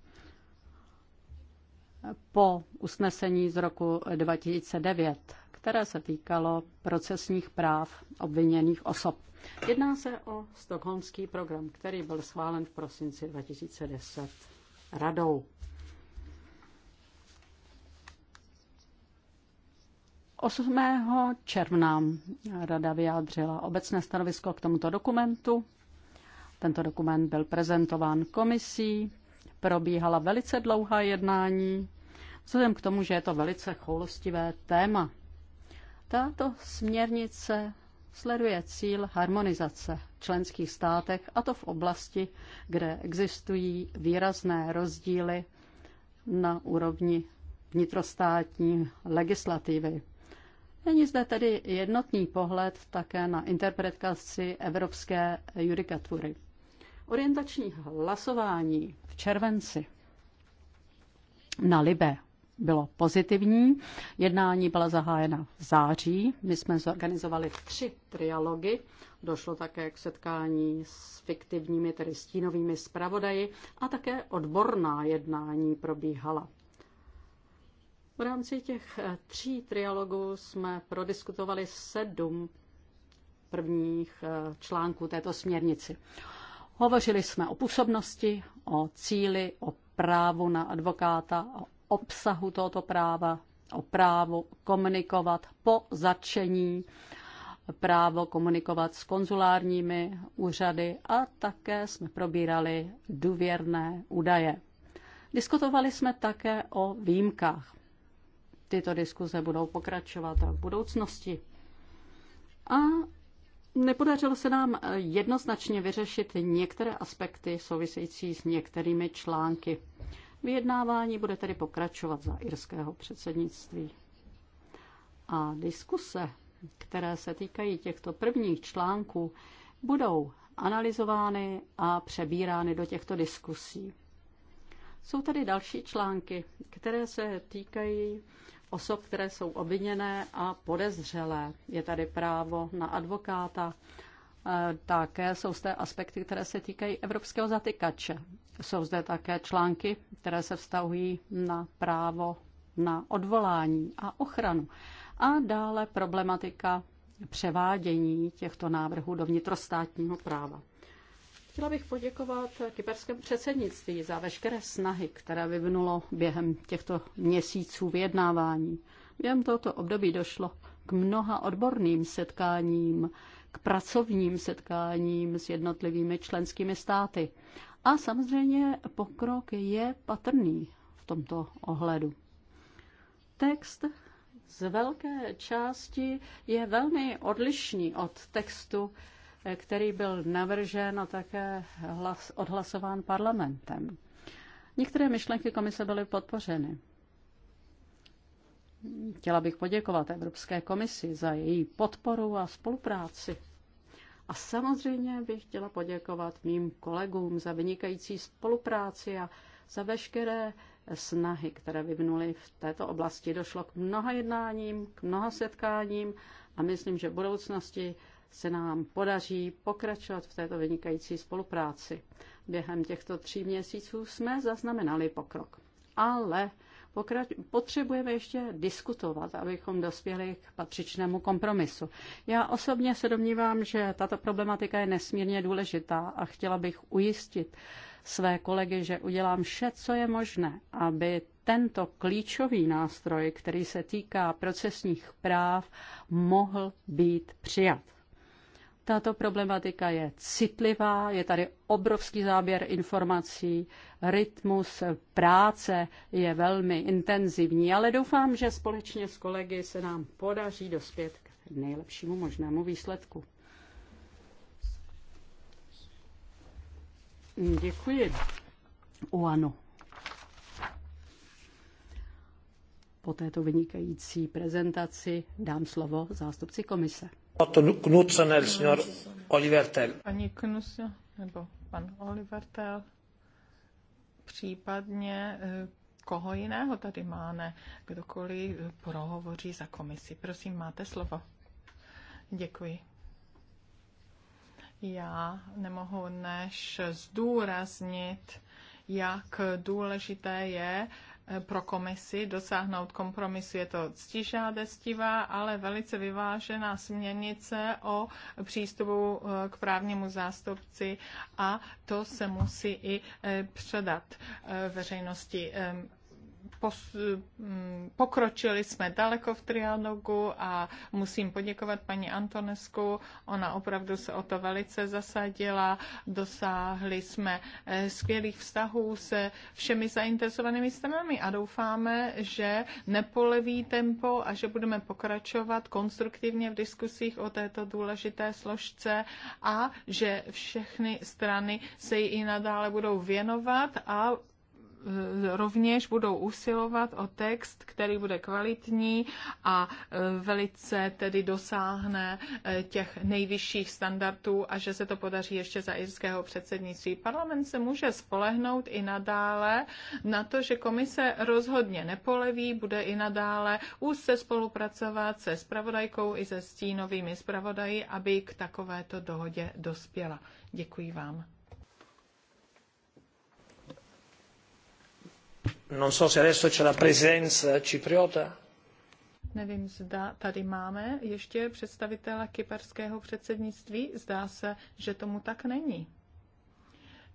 po usnesení z roku 2009, které se týkalo procesních práv obviněných osob. Jedná se o stokholmský program, který byl schválen v prosinci 2010 radou. Osmého června rada vyjádřila obecné stanovisko k tomuto dokumentu. Tento dokument byl prezentován komisí, probíhala velice dlouhá jednání, vzhledem k tomu, že je to velice choulostivé téma. Tato směrnice sleduje cíl harmonizace v členských státech, a to v oblasti, kde existují výrazné rozdíly na úrovni vnitrostátní legislativy. Není zde tedy jednotný pohled také na interpretaci evropské judikatury. Orientační hlasování v červenci na Libe bylo pozitivní. Jednání byla zahájena v září. My jsme zorganizovali tři trialogy. Došlo také k setkání s fiktivními, tedy stínovými zpravodaji a také odborná jednání probíhala. V rámci těch eh, tří trialogů jsme prodiskutovali sedm prvních eh, článků této směrnici. Hovořili jsme o působnosti, o cíli, o právu na advokáta, o obsahu tohoto práva, o právo komunikovat po začení, právo komunikovat s konzulárními úřady a také jsme probírali důvěrné údaje. Diskutovali jsme také o výjimkách. Tyto diskuze budou pokračovat v budoucnosti. A Nepodařilo se nám jednoznačně vyřešit některé aspekty související s některými články. Vyjednávání bude tedy pokračovat za irského předsednictví. A diskuse, které se týkají těchto prvních článků, budou analyzovány a přebírány do těchto diskusí. Jsou tady další články, které se týkají osob, které jsou obviněné a podezřelé. Je tady právo na advokáta také jsou zde aspekty, které se týkají evropského zatykače. Jsou zde také články, které se vztahují na právo na odvolání a ochranu. A dále problematika převádění těchto návrhů do vnitrostátního práva. Chtěla bych poděkovat kyperskému předsednictví za veškeré snahy, které vyvinulo během těchto měsíců vyjednávání. Během tohoto období došlo k mnoha odborným setkáním k pracovním setkáním s jednotlivými členskými státy. A samozřejmě pokrok je patrný v tomto ohledu. Text z velké části je velmi odlišný od textu, který byl navržen a také odhlasován parlamentem. Některé myšlenky komise byly podpořeny. Chtěla bych poděkovat Evropské komisi za její podporu a spolupráci. A samozřejmě bych chtěla poděkovat mým kolegům za vynikající spolupráci a za veškeré snahy, které vyvinuli v této oblasti. Došlo k mnoha jednáním, k mnoha setkáním a myslím, že v budoucnosti se nám podaří pokračovat v této vynikající spolupráci. Během těchto tří měsíců jsme zaznamenali pokrok. Ale potřebujeme ještě diskutovat, abychom dospěli k patřičnému kompromisu. Já osobně se domnívám, že tato problematika je nesmírně důležitá a chtěla bych ujistit své kolegy, že udělám vše, co je možné, aby tento klíčový nástroj, který se týká procesních práv, mohl být přijat. Tato problematika je citlivá, je tady obrovský záběr informací, rytmus práce je velmi intenzivní, ale doufám, že společně s kolegy se nám podaří dospět k nejlepšímu možnému výsledku. Děkuji. O ano. Po této vynikající prezentaci dám slovo zástupci komise. Knudsen, el señor Oliver Tell. Paní Knudsen, nebo pan Oliver Tell. Případně eh, koho jiného tady máme? Kdokoliv eh, prohovoří za komisi. Prosím, máte slovo. Děkuji. Já nemohu než zdůraznit, jak důležité je pro komisi dosáhnout kompromisu. Je to destivá, ale velice vyvážená směrnice o přístupu eh, k právnímu zástupci a to se musí i eh, předat eh, veřejnosti Mm, pokročili jsme daleko v trialogu a musím poděkovat paní Antonesku. Ona opravdu se o to velice zasadila. Dosáhli jsme eh, skvělých vztahů se všemi zainteresovanými stranami a doufáme, že nepoleví tempo a že budeme pokračovat konstruktivně v diskusích o této důležité složce a že všechny strany se jí i nadále budou věnovat a E, rovněž budou usilovat o text, který bude kvalitní a e, velice tedy dosáhne e, těch nejvyšších standardů a že se to podaří ještě za irského předsednictví. Parlament se může spolehnout i nadále na to, že komise rozhodně nepoleví, bude i nadále úzce spolupracovat se spravodajkou i se stínovými spravodaji, aby k takovéto dohodě dospěla. Děkuji vám. Non so se adesso c'è la presenza cipriota. Nevím, zda tady máme ještě představitele kyperského předsednictví. Zdá se, že tomu tak není.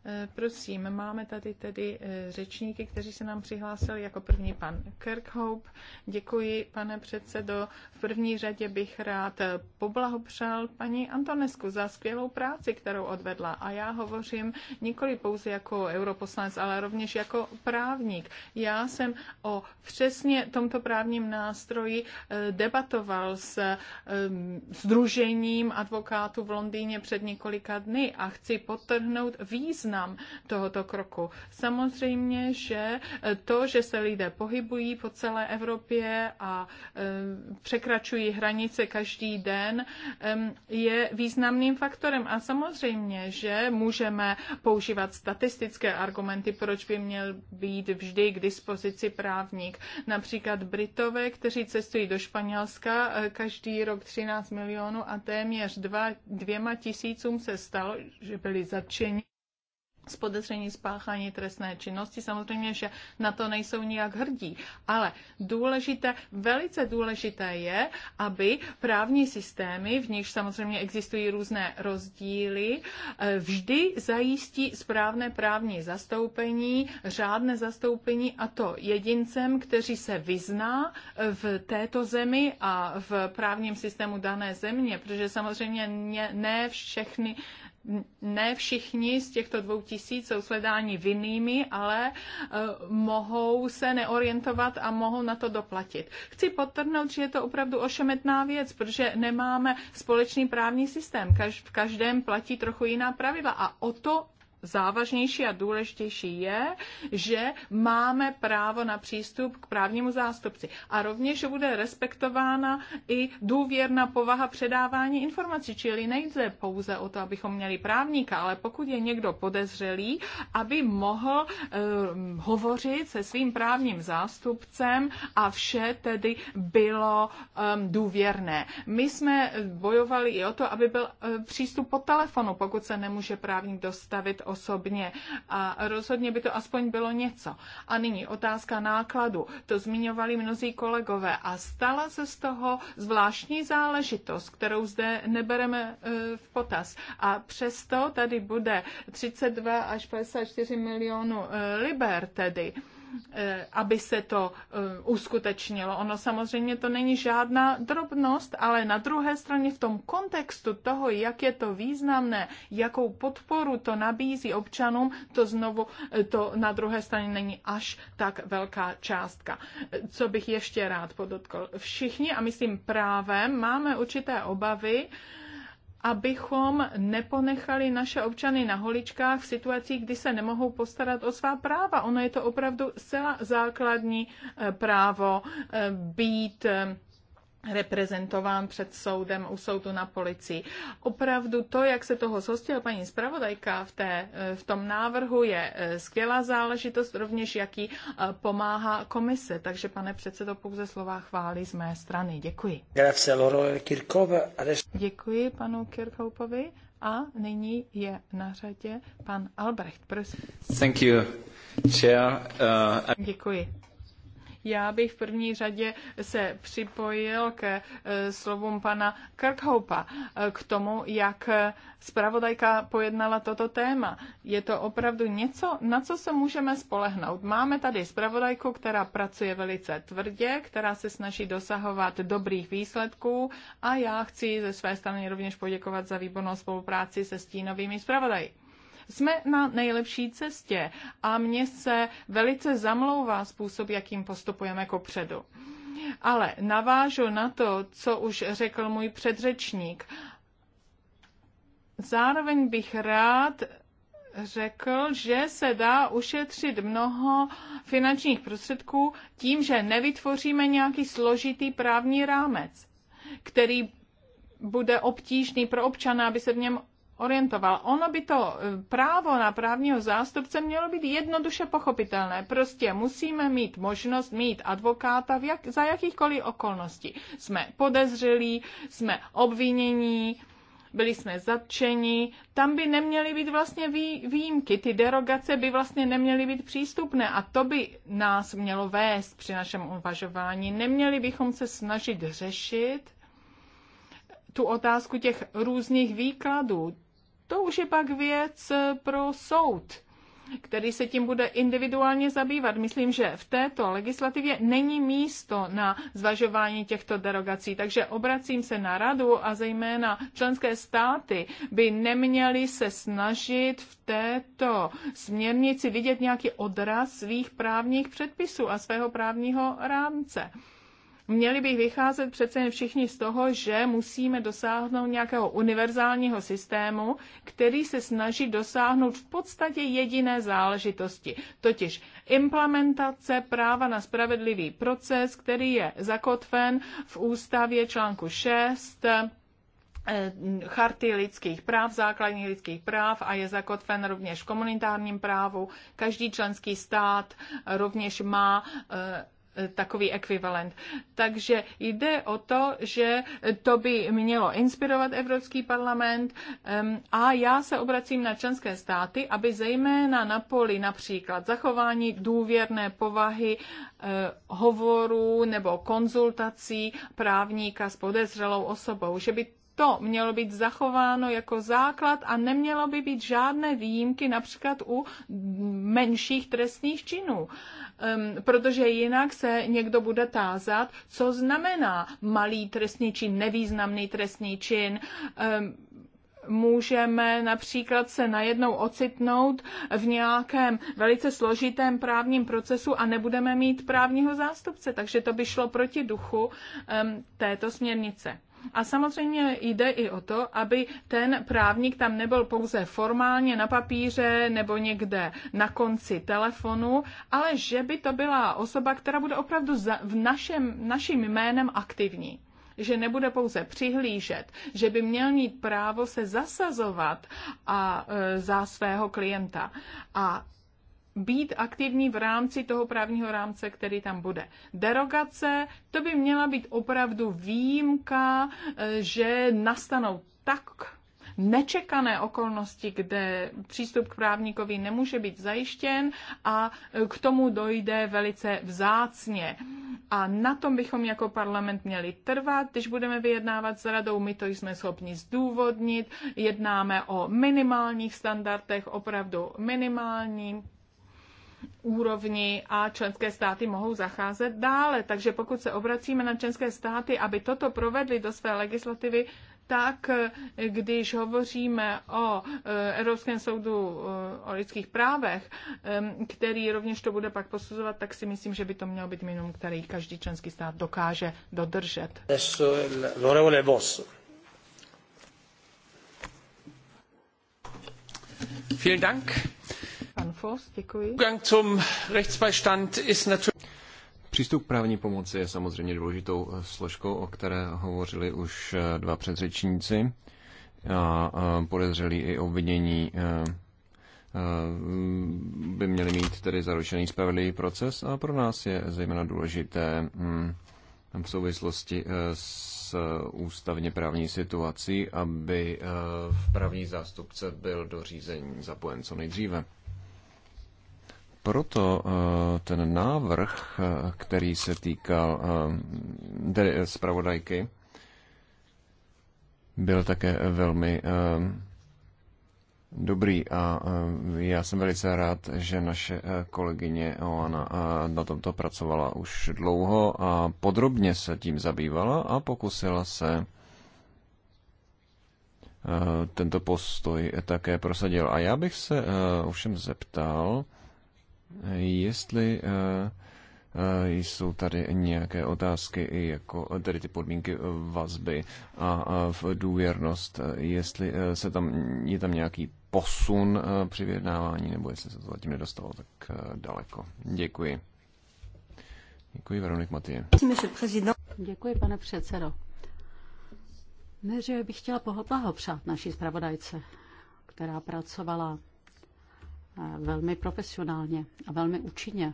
Eh, prosím, máme tady tedy eh, řečníky, kteří se nám přihlásili jako první pan Kirkhope. Děkuji, pane předsedo. V první řadě bych rád eh, poblahopřál paní Antonesku za skvělou práci, kterou odvedla. A já hovořím nikoli pouze jako europoslanec, ale rovněž jako právník. Já jsem o přesně tomto právním nástroji debatoval s Združením advokátů v Londýně před několika dny a chci potrhnout význam význam tohoto kroku. Samozřejmě, že to, že se lidé pohybují po celé Evropě a e, překračují hranice každý den, je významným faktorem. A samozřejmě, že můžeme používat statistické argumenty, proč by měl být vždy k dispozici právník. Například Britové, kteří cestují do Španělska e, každý rok 13 milionů a téměř dva, dvěma tisícům se stalo, že byli zatčeni z podezření spáchání trestné činnosti. Samozřejmě, že na to nejsou nijak hrdí, ale důležité, velice důležité je, aby právní systémy, v nichž samozřejmě existují různé rozdíly, eh, vždy zajistí správné právní zastoupení, řádné zastoupení a to jedincem, kteří se vyzná v této zemi a v právním systému dané země, protože samozřejmě ne všechny ne všichni z těchto dvou tisíc jsou sledáni vinnými, ale eh, mohou se neorientovat a mohou na to doplatit. Chci potrhnout, že je to opravdu ošemetná věc, protože nemáme společný právní systém. v každém platí trochu jiná pravidla a o to závažnější a důležitější je, že máme právo na přístup k právnímu zástupci. A rovněž bude respektována i důvěrná povaha předávání informací, čili nejde pouze o to, abychom měli právníka, ale pokud je někdo podezřelý, aby mohl uh, hovořit se svým právním zástupcem a vše tedy bylo um, důvěrné. My jsme bojovali i o to, aby byl uh, přístup po telefonu, pokud se nemůže právník dostavit o osobně a rozhodně by to aspoň bylo něco. A nyní otázka nákladu. To zmiňovali mnozí kolegové a stala se z toho zvláštní záležitost, kterou zde nebereme e, v potaz. A přesto tady bude 32 až 54 milionů e, liber tedy Eh, aby se to eh, uskutečnilo. Ono samozřejmě to není žádná drobnost, ale na druhé straně v tom kontextu toho, jak je to významné, jakou podporu to nabízí občanům, to znovu eh, to na druhé straně není až tak velká částka. Co bych ještě rád podotkl. Všichni, a myslím právem, máme určité obavy, abychom neponechali naše občany na holičkách v situacích, kdy se nemohou postarat o svá práva. Ono je to opravdu zcela základní eh, právo eh, být eh, reprezentován před soudem, u soudu na policii. Opravdu to, jak se toho zhostila paní zpravodajka v, té, v tom návrhu, je eh, skvělá záležitost, rovněž jaký eh, pomáhá komise. Takže, pane předsedo, pouze slova chválí z mé strany. Děkuji. Děkuji panu Kirchhoffovi a nyní je na řadě pan Albrecht. Prosím. Thank you, chair. Uh, Děkuji, já bych v první řadě se připojil ke eh, slovům pana Kirkhopa eh, k tomu, jak eh, zpravodajka pojednala toto téma. Je to opravdu něco, na co se můžeme spolehnout. Máme tady zpravodajku, která pracuje velice tvrdě, která se snaží dosahovat dobrých výsledků a já chci ze své strany rovněž poděkovat za výbornou spolupráci se stínovými zpravodaji. Jsme na nejlepší cestě a mně se velice zamlouvá způsob, jakým postupujeme kopředu. Ale navážu na to, co už řekl můj předřečník. Zároveň bych rád řekl, že se dá ušetřit mnoho finančních prostředků tím, že nevytvoříme nějaký složitý právní rámec, který bude obtížný pro občana, aby se v něm orientoval. Ono by to eh, právo na právního zástupce mělo být jednoduše pochopitelné. Prostě musíme mít možnost mít advokáta v jak, za jakýchkoliv okolností. Jsme podezřelí, jsme obvinění, byli jsme zatčeni, tam by neměly být vlastně vý, výjimky, ty derogace by vlastně neměly být přístupné a to by nás mělo vést při našem uvažování. Neměli bychom se snažit řešit tu otázku těch různých výkladů, to už je pak věc eh, pro soud, který se tím bude individuálně zabývat. Myslím, že v této legislativě není místo na zvažování těchto derogací, takže obracím se na radu a zejména členské státy by neměly se snažit v této směrnici vidět nějaký odraz svých právních předpisů a svého právního rámce Měli bych vycházet přece jen všichni z toho, že musíme dosáhnout nějakého univerzálního systému, který se snaží dosáhnout v podstatě jediné záležitosti, totiž implementace práva na spravedlivý proces, který je zakotven v ústavě článku 6 eh, charty lidských práv, základních lidských práv a je zakotven rovněž v komunitárním právu. Každý členský stát rovněž má eh, takový ekvivalent. Takže jde o to, že to by mělo inspirovat Evropský parlament a já se obracím na členské státy, aby zejména na poli například zachování důvěrné povahy eh, hovorů nebo konzultací právníka s podezřelou osobou, že by to mělo být zachováno jako základ a nemělo by být žádné výjimky například u menších trestných činů. Um, protože jinak se někdo bude tázat, co znamená malý trestný čin, nevýznamný trestný čin. Um, můžeme například se najednou ocitnout v nějakém velice složitém právním procesu a nebudeme mít právního zástupce. Takže to by šlo proti duchu um, této směrnice. A samozřejmě jde i o to, aby ten právník tam nebyl pouze formálně na papíře nebo někde na konci telefonu, ale že by to byla osoba, která bude opravdu v našem, naším jménem aktivní že nebude pouze přihlížet, že by měl mít právo se zasazovat a, e, za svého klienta. A být aktivní v rámci toho právního rámce, který tam bude. Derogace, to by měla být opravdu výjimka, eh, že nastanou tak nečekané okolnosti, kde přístup k právníkovi nemůže být zajištěn a eh, k tomu dojde velice vzácně. A na tom bychom jako parlament měli trvat, když budeme vyjednávat s radou, my to jsme schopni zdůvodnit, jednáme o minimálních standardech, opravdu minimálním úrovni a členské státy mohou zacházet dále. Takže pokud se obracíme na členské státy, aby toto provedli do své legislativy, tak eh, když hovoříme o eh, Evropském soudu eh, o lidských právech, který rovněž to bude pak posuzovat, tak si myslím, že by to mělo být minimum, který každý členský stát dokáže dodržet. Vielen Dank. Přístup k právní pomoci je samozřejmě důležitou složkou, o které hovořili už eh, dva předřečníci a podezřelí i obvinění eh, eh, by měli mít tedy zaručený spravedlivý proces a pro nás je zejména důležité hm, v souvislosti s ústavně právní situací, aby v právní zástupce byl do řízení zapojen co nejdříve proto eh, ten návrh, eh, který se týkal eh, zpravodajky, byl také velmi dobrý a já jsem velice rád, že naše kolegyně Oana na tomto pracovala už dlouho a podrobně se tím zabývala a pokusila se tento postoj také prosadil. A já bych se ovšem zeptal, Jestli eh, eh, jsou tady nějaké otázky, jako tedy ty podmínky vazby a v důvěrnost, eh, jestli se tam, je tam nějaký posun při vyjednávání, nebo jestli se to zatím nedostalo tak daleko. Děkuji. Děkuji, Veronik Matěje. Děkuji, pane předsedo. Ne, že bych chtěla přát naší zpravodajce, která pracovala velmi profesionálně a velmi účinně.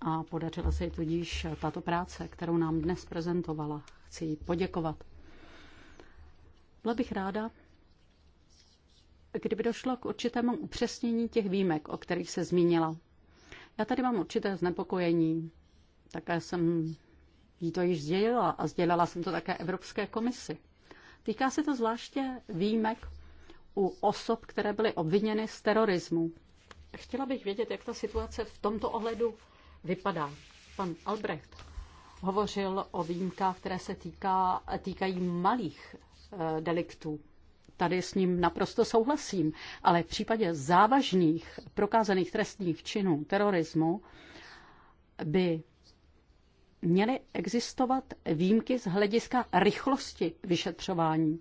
A podařila se jí tudíž tato práce, kterou nám dnes prezentovala. Chci jí poděkovat. Byla bych ráda, kdyby došlo k určitému upřesnění těch výjimek, o kterých se zmínila. Já tady mám určité znepokojení. Také jsem jí to již sdělila a sdělila jsem to také Evropské komisi. Týká se to zvláště výjimek u osob, které byly obviněny z terorismu. Chtěla bych vědět, jak ta situace v tomto ohledu vypadá. Pan Albrecht hovořil o výjimkách, které se týká, týkají malých e, deliktů. Tady s ním naprosto souhlasím, ale v případě závažných prokázaných trestních činů terorismu by měly existovat výjimky z hlediska rychlosti vyšetřování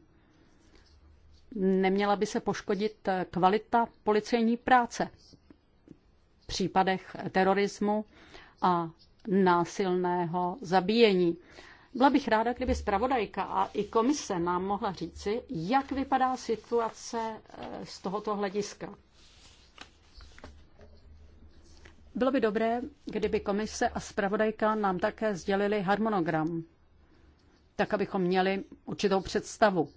neměla by se poškodit eh, kvalita policejní práce v případech terorismu a násilného zabíjení. Byla bych ráda, kdyby zpravodajka a i komise nám mohla říci, jak vypadá situace eh, z tohoto hlediska. Bylo by dobré, kdyby komise a zpravodajka nám také sdělili harmonogram, tak abychom měli určitou představu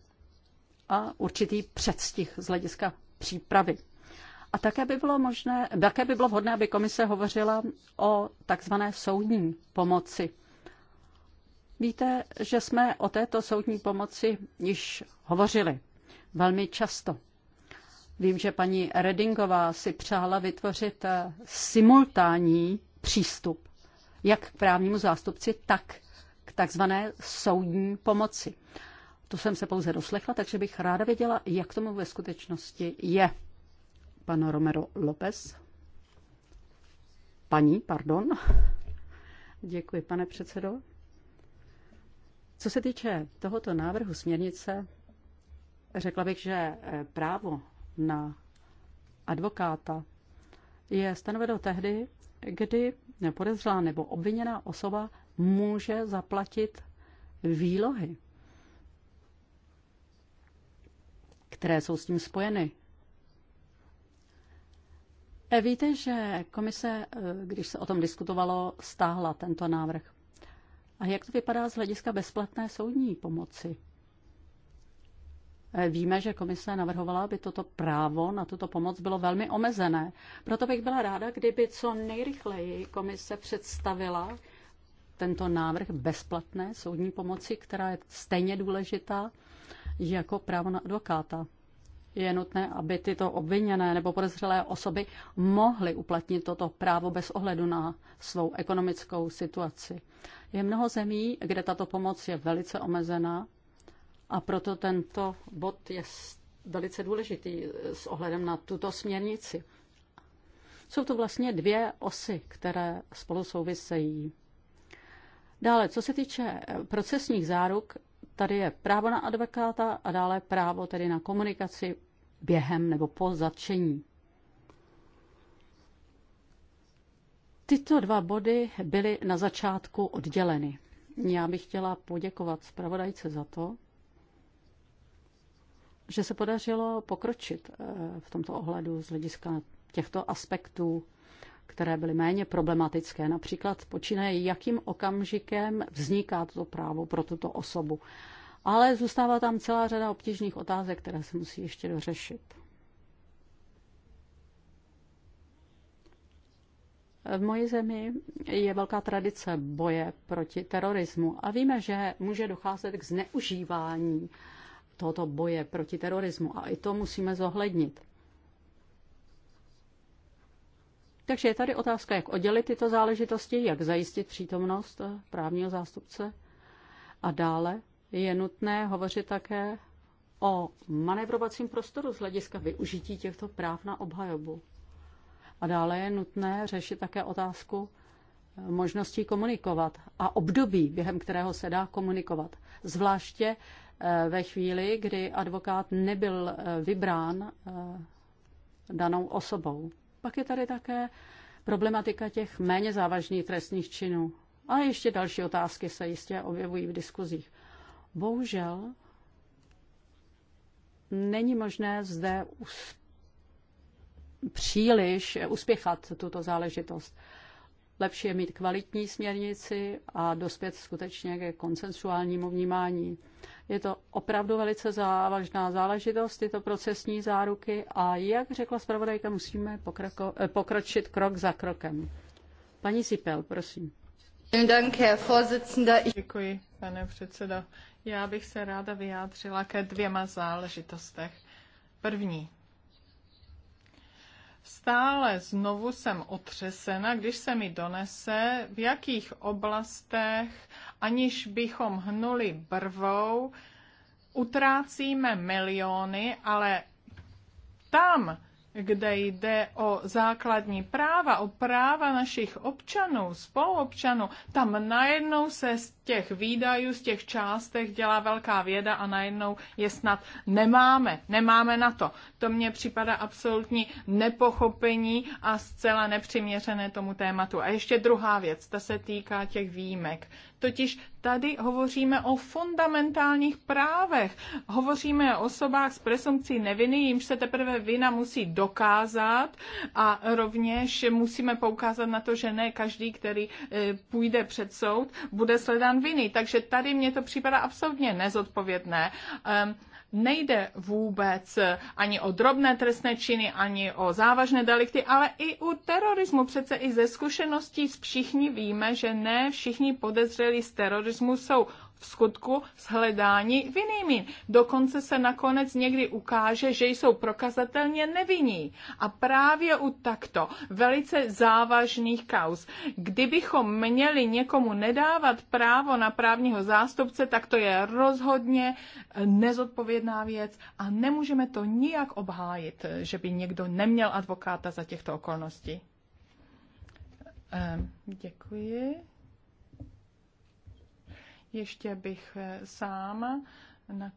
a určitý předstih z hlediska přípravy. A také by bylo, možné, také by bylo vhodné, aby komise hovořila o takzvané soudní pomoci. Víte, že jsme o této soudní pomoci již hovořili velmi často. Vím, že paní Redingová si přála vytvořit eh, simultánní přístup jak k právnímu zástupci, tak k takzvané soudní pomoci. To jsem se pouze doslechla, takže bych ráda věděla, jak tomu ve skutečnosti je. Pan Romero López. Paní, pardon. Děkuji, pane předsedo. Co se týče tohoto návrhu směrnice, řekla bych, že eh, právo na advokáta je stanoveno tehdy, kdy podezřelá nebo obviněná osoba může zaplatit výlohy které jsou s tím spojeny. E, víte, že komise, e, když se o tom diskutovalo, stáhla tento návrh. A jak to vypadá z hlediska bezplatné soudní pomoci? E, víme, že komise navrhovala, aby toto právo na tuto pomoc bylo velmi omezené. Proto bych byla ráda, kdyby co nejrychleji komise představila tento návrh bezplatné soudní pomoci, která je stejně důležitá jako právo na advokáta. Je nutné, aby tyto obviněné nebo podezřelé osoby mohly uplatnit toto právo bez ohledu na svou ekonomickou situaci. Je mnoho zemí, kde tato pomoc je velice omezená a proto tento bod je velice důležitý eh, s ohledem na tuto směrnici. Jsou to vlastně dvě osy, které spolu souvisejí. Dále, co se týče eh, procesních záruk, Tady je právo na advokáta a dále právo tedy na komunikaci během nebo po zatčení. Tyto dva body byly na začátku odděleny. Já bych chtěla poděkovat zpravodajce za to, že se podařilo pokročit eh, v tomto ohledu z hlediska těchto aspektů které byly méně problematické. Například počínaje, jakým okamžikem vzniká toto právo pro tuto osobu. Ale zůstává tam celá řada obtížných otázek, které se musí ještě dořešit. V moji zemi je velká tradice boje proti terorismu a víme, že může docházet k zneužívání tohoto boje proti terorismu a i to musíme zohlednit. Takže je tady otázka, jak oddělit tyto záležitosti, jak zajistit přítomnost eh, právního zástupce. A dále je nutné hovořit také o manevrovacím prostoru z hlediska využití těchto práv na obhajobu. A dále je nutné řešit také otázku eh, možností komunikovat a období, během kterého se dá komunikovat. Zvláště eh, ve chvíli, kdy advokát nebyl vybrán danou osobou. Pak je tady také problematika těch méně závažných trestných činů. A ještě další otázky se jistě objevují v diskuzích. Bohužel není možné zde příliš eh, uspěchat tuto záležitost. Lepší je mít kvalitní směrnici a dospět skutečně ke koncensuálnímu vnímání. Je to opravdu velice závažná záležitost, tyto procesní záruky a jak řekla zpravodajka, musíme pokrako, eh, pokročit krok za krokem. Paní Sipel, prosím. Děkuji, pane předsedo. Já bych se ráda vyjádřila ke dvěma záležitostech. První, Stále znovu jsem otřesena, když se mi donese, v jakých oblastech, aniž bychom hnuli brvou, utrácíme miliony, ale tam, kde jde o základní práva, o práva našich občanů, spoluobčanů, tam najednou se z těch výdajů, z těch částech dělá velká věda a najednou je snad nemáme, nemáme na to. To mně připadá absolutní nepochopení a zcela nepřiměřené tomu tématu. A ještě druhá věc, ta se týká těch výjimek. Totiž tady hovoříme o fundamentálních právech. Hovoříme o osobách s presumpcí neviny, jimž se teprve vina musí dokázat a rovněž musíme poukázat na to, že ne každý, který e, půjde před soud, bude sledán viny. Takže tady mně to připadá absolutně nezodpovědné. Um, nejde vůbec ani o drobné trestné činy, ani o závažné delikty, ale i u terorismu. Přece i ze zkušeností všichni víme, že ne všichni podezřelí z terorismu jsou v skutku shledáni vinnými. Dokonce se nakonec někdy ukáže, že jsou prokazatelně nevinní. A právě u takto velice závažných kauz, kdybychom měli někomu nedávat právo na právního zástupce, tak to je rozhodně nezodpovědná věc a nemůžeme to nijak obhájit, že by někdo neměl advokáta za těchto okolností. Ehm, děkuji. Ještě bych eh, sám na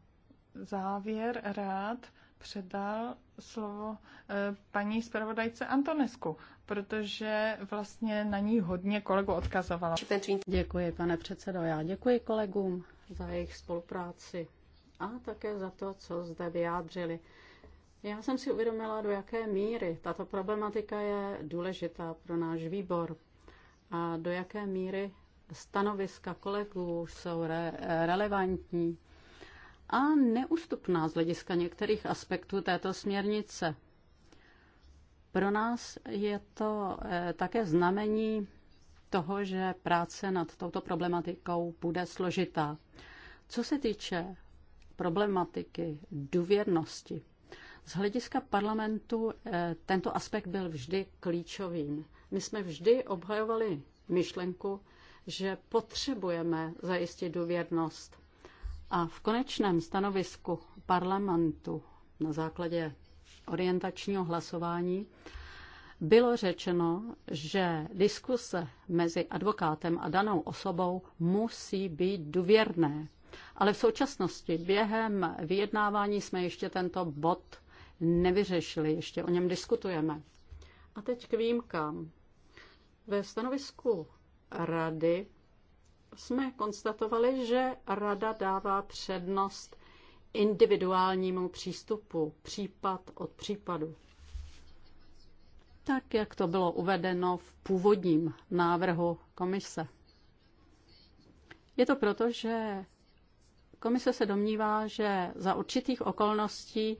závěr rád předal slovo eh, paní zpravodajce Antonesku, protože vlastně na ní hodně kolegu odkazovala. Děkuji, pane předsedo. Já děkuji kolegům za jejich spolupráci a také za to, co zde vyjádřili. Já jsem si uvědomila, do jaké míry tato problematika je důležitá pro náš výbor a do jaké míry stanoviska kolegů jsou re, relevantní a neústupná z hlediska některých aspektů této směrnice. Pro nás je to eh, také znamení toho, že práce nad touto problematikou bude složitá. Co se týče problematiky důvěrnosti, z hlediska parlamentu eh, tento aspekt byl vždy klíčovým. My jsme vždy obhajovali myšlenku, že potřebujeme zajistit důvěrnost. A v konečném stanovisku parlamentu na základě orientačního hlasování bylo řečeno, že diskuse mezi advokátem a danou osobou musí být důvěrné. Ale v současnosti během vyjednávání jsme ještě tento bod nevyřešili, ještě o něm diskutujeme. A teď k výjimkám. Ve stanovisku rady jsme konstatovali, že rada dává přednost individuálnímu přístupu, případ od případu. Tak, jak to bylo uvedeno v původním návrhu komise. Je to proto, že komise se domnívá, že za určitých okolností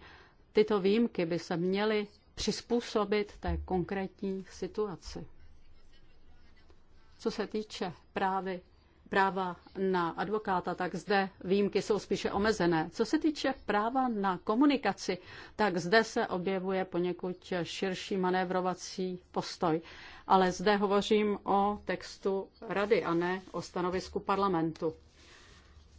tyto výjimky by se měly přizpůsobit té konkrétní situaci. Co se týče právy, práva na advokáta, tak zde výjimky jsou spíše omezené. Co se týče práva na komunikaci, tak zde se objevuje poněkud širší manévrovací postoj. Ale zde hovořím o textu rady a ne o stanovisku parlamentu.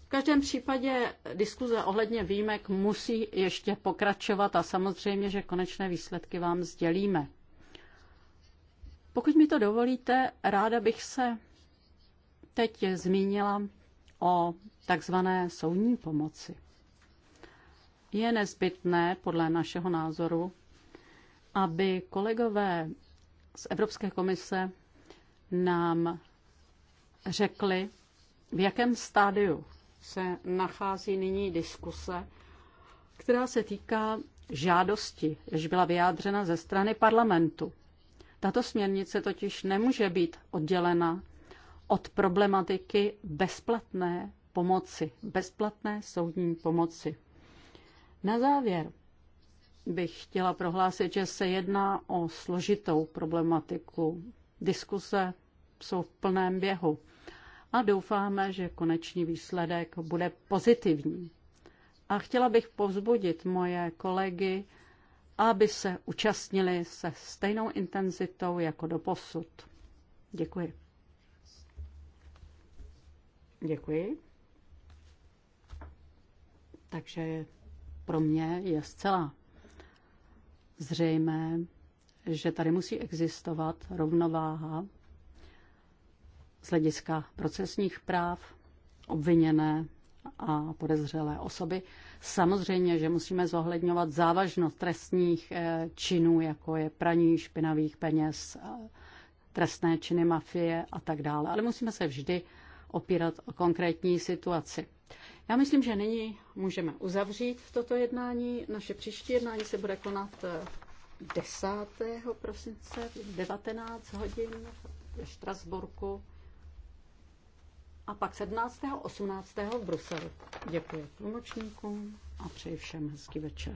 V každém případě diskuze ohledně výjimek musí ještě pokračovat a samozřejmě, že konečné výsledky vám sdělíme. Pokud mi to dovolíte, ráda bych se teď zmínila o takzvané soudní pomoci. Je nezbytné, podle našeho názoru, aby kolegové z Evropské komise nám řekli, v jakém stádiu se nachází nyní diskuse, která se týká žádosti, jež byla vyjádřena ze strany parlamentu. Tato směrnice totiž nemůže být oddělena od problematiky bezplatné pomoci, bezplatné soudní pomoci. Na závěr bych chtěla prohlásit, že se jedná o složitou problematiku. Diskuse jsou v plném běhu a doufáme, že konečný výsledek bude pozitivní. A chtěla bych povzbudit moje kolegy, aby se účastnili se stejnou intenzitou jako do posud. Děkuji. Děkuji. Takže pro mě je zcela zřejmé, že tady musí existovat rovnováha z hlediska procesních práv obviněné a podezřelé osoby. Samozřejmě, že musíme zohledňovat závažnost trestních eh, činů, jako je praní špinavých peněz, eh, trestné činy mafie a tak dále. Ale musíme se vždy opírat o konkrétní situaci. Já myslím, že nyní můžeme uzavřít toto jednání. Naše příští jednání se bude konat 10. Eh, prosince v 19 hodin ve Štrasburku a pak 17. a 18. v Bruselu. Děkuji tlumočníkům a přeji všem hezký večer.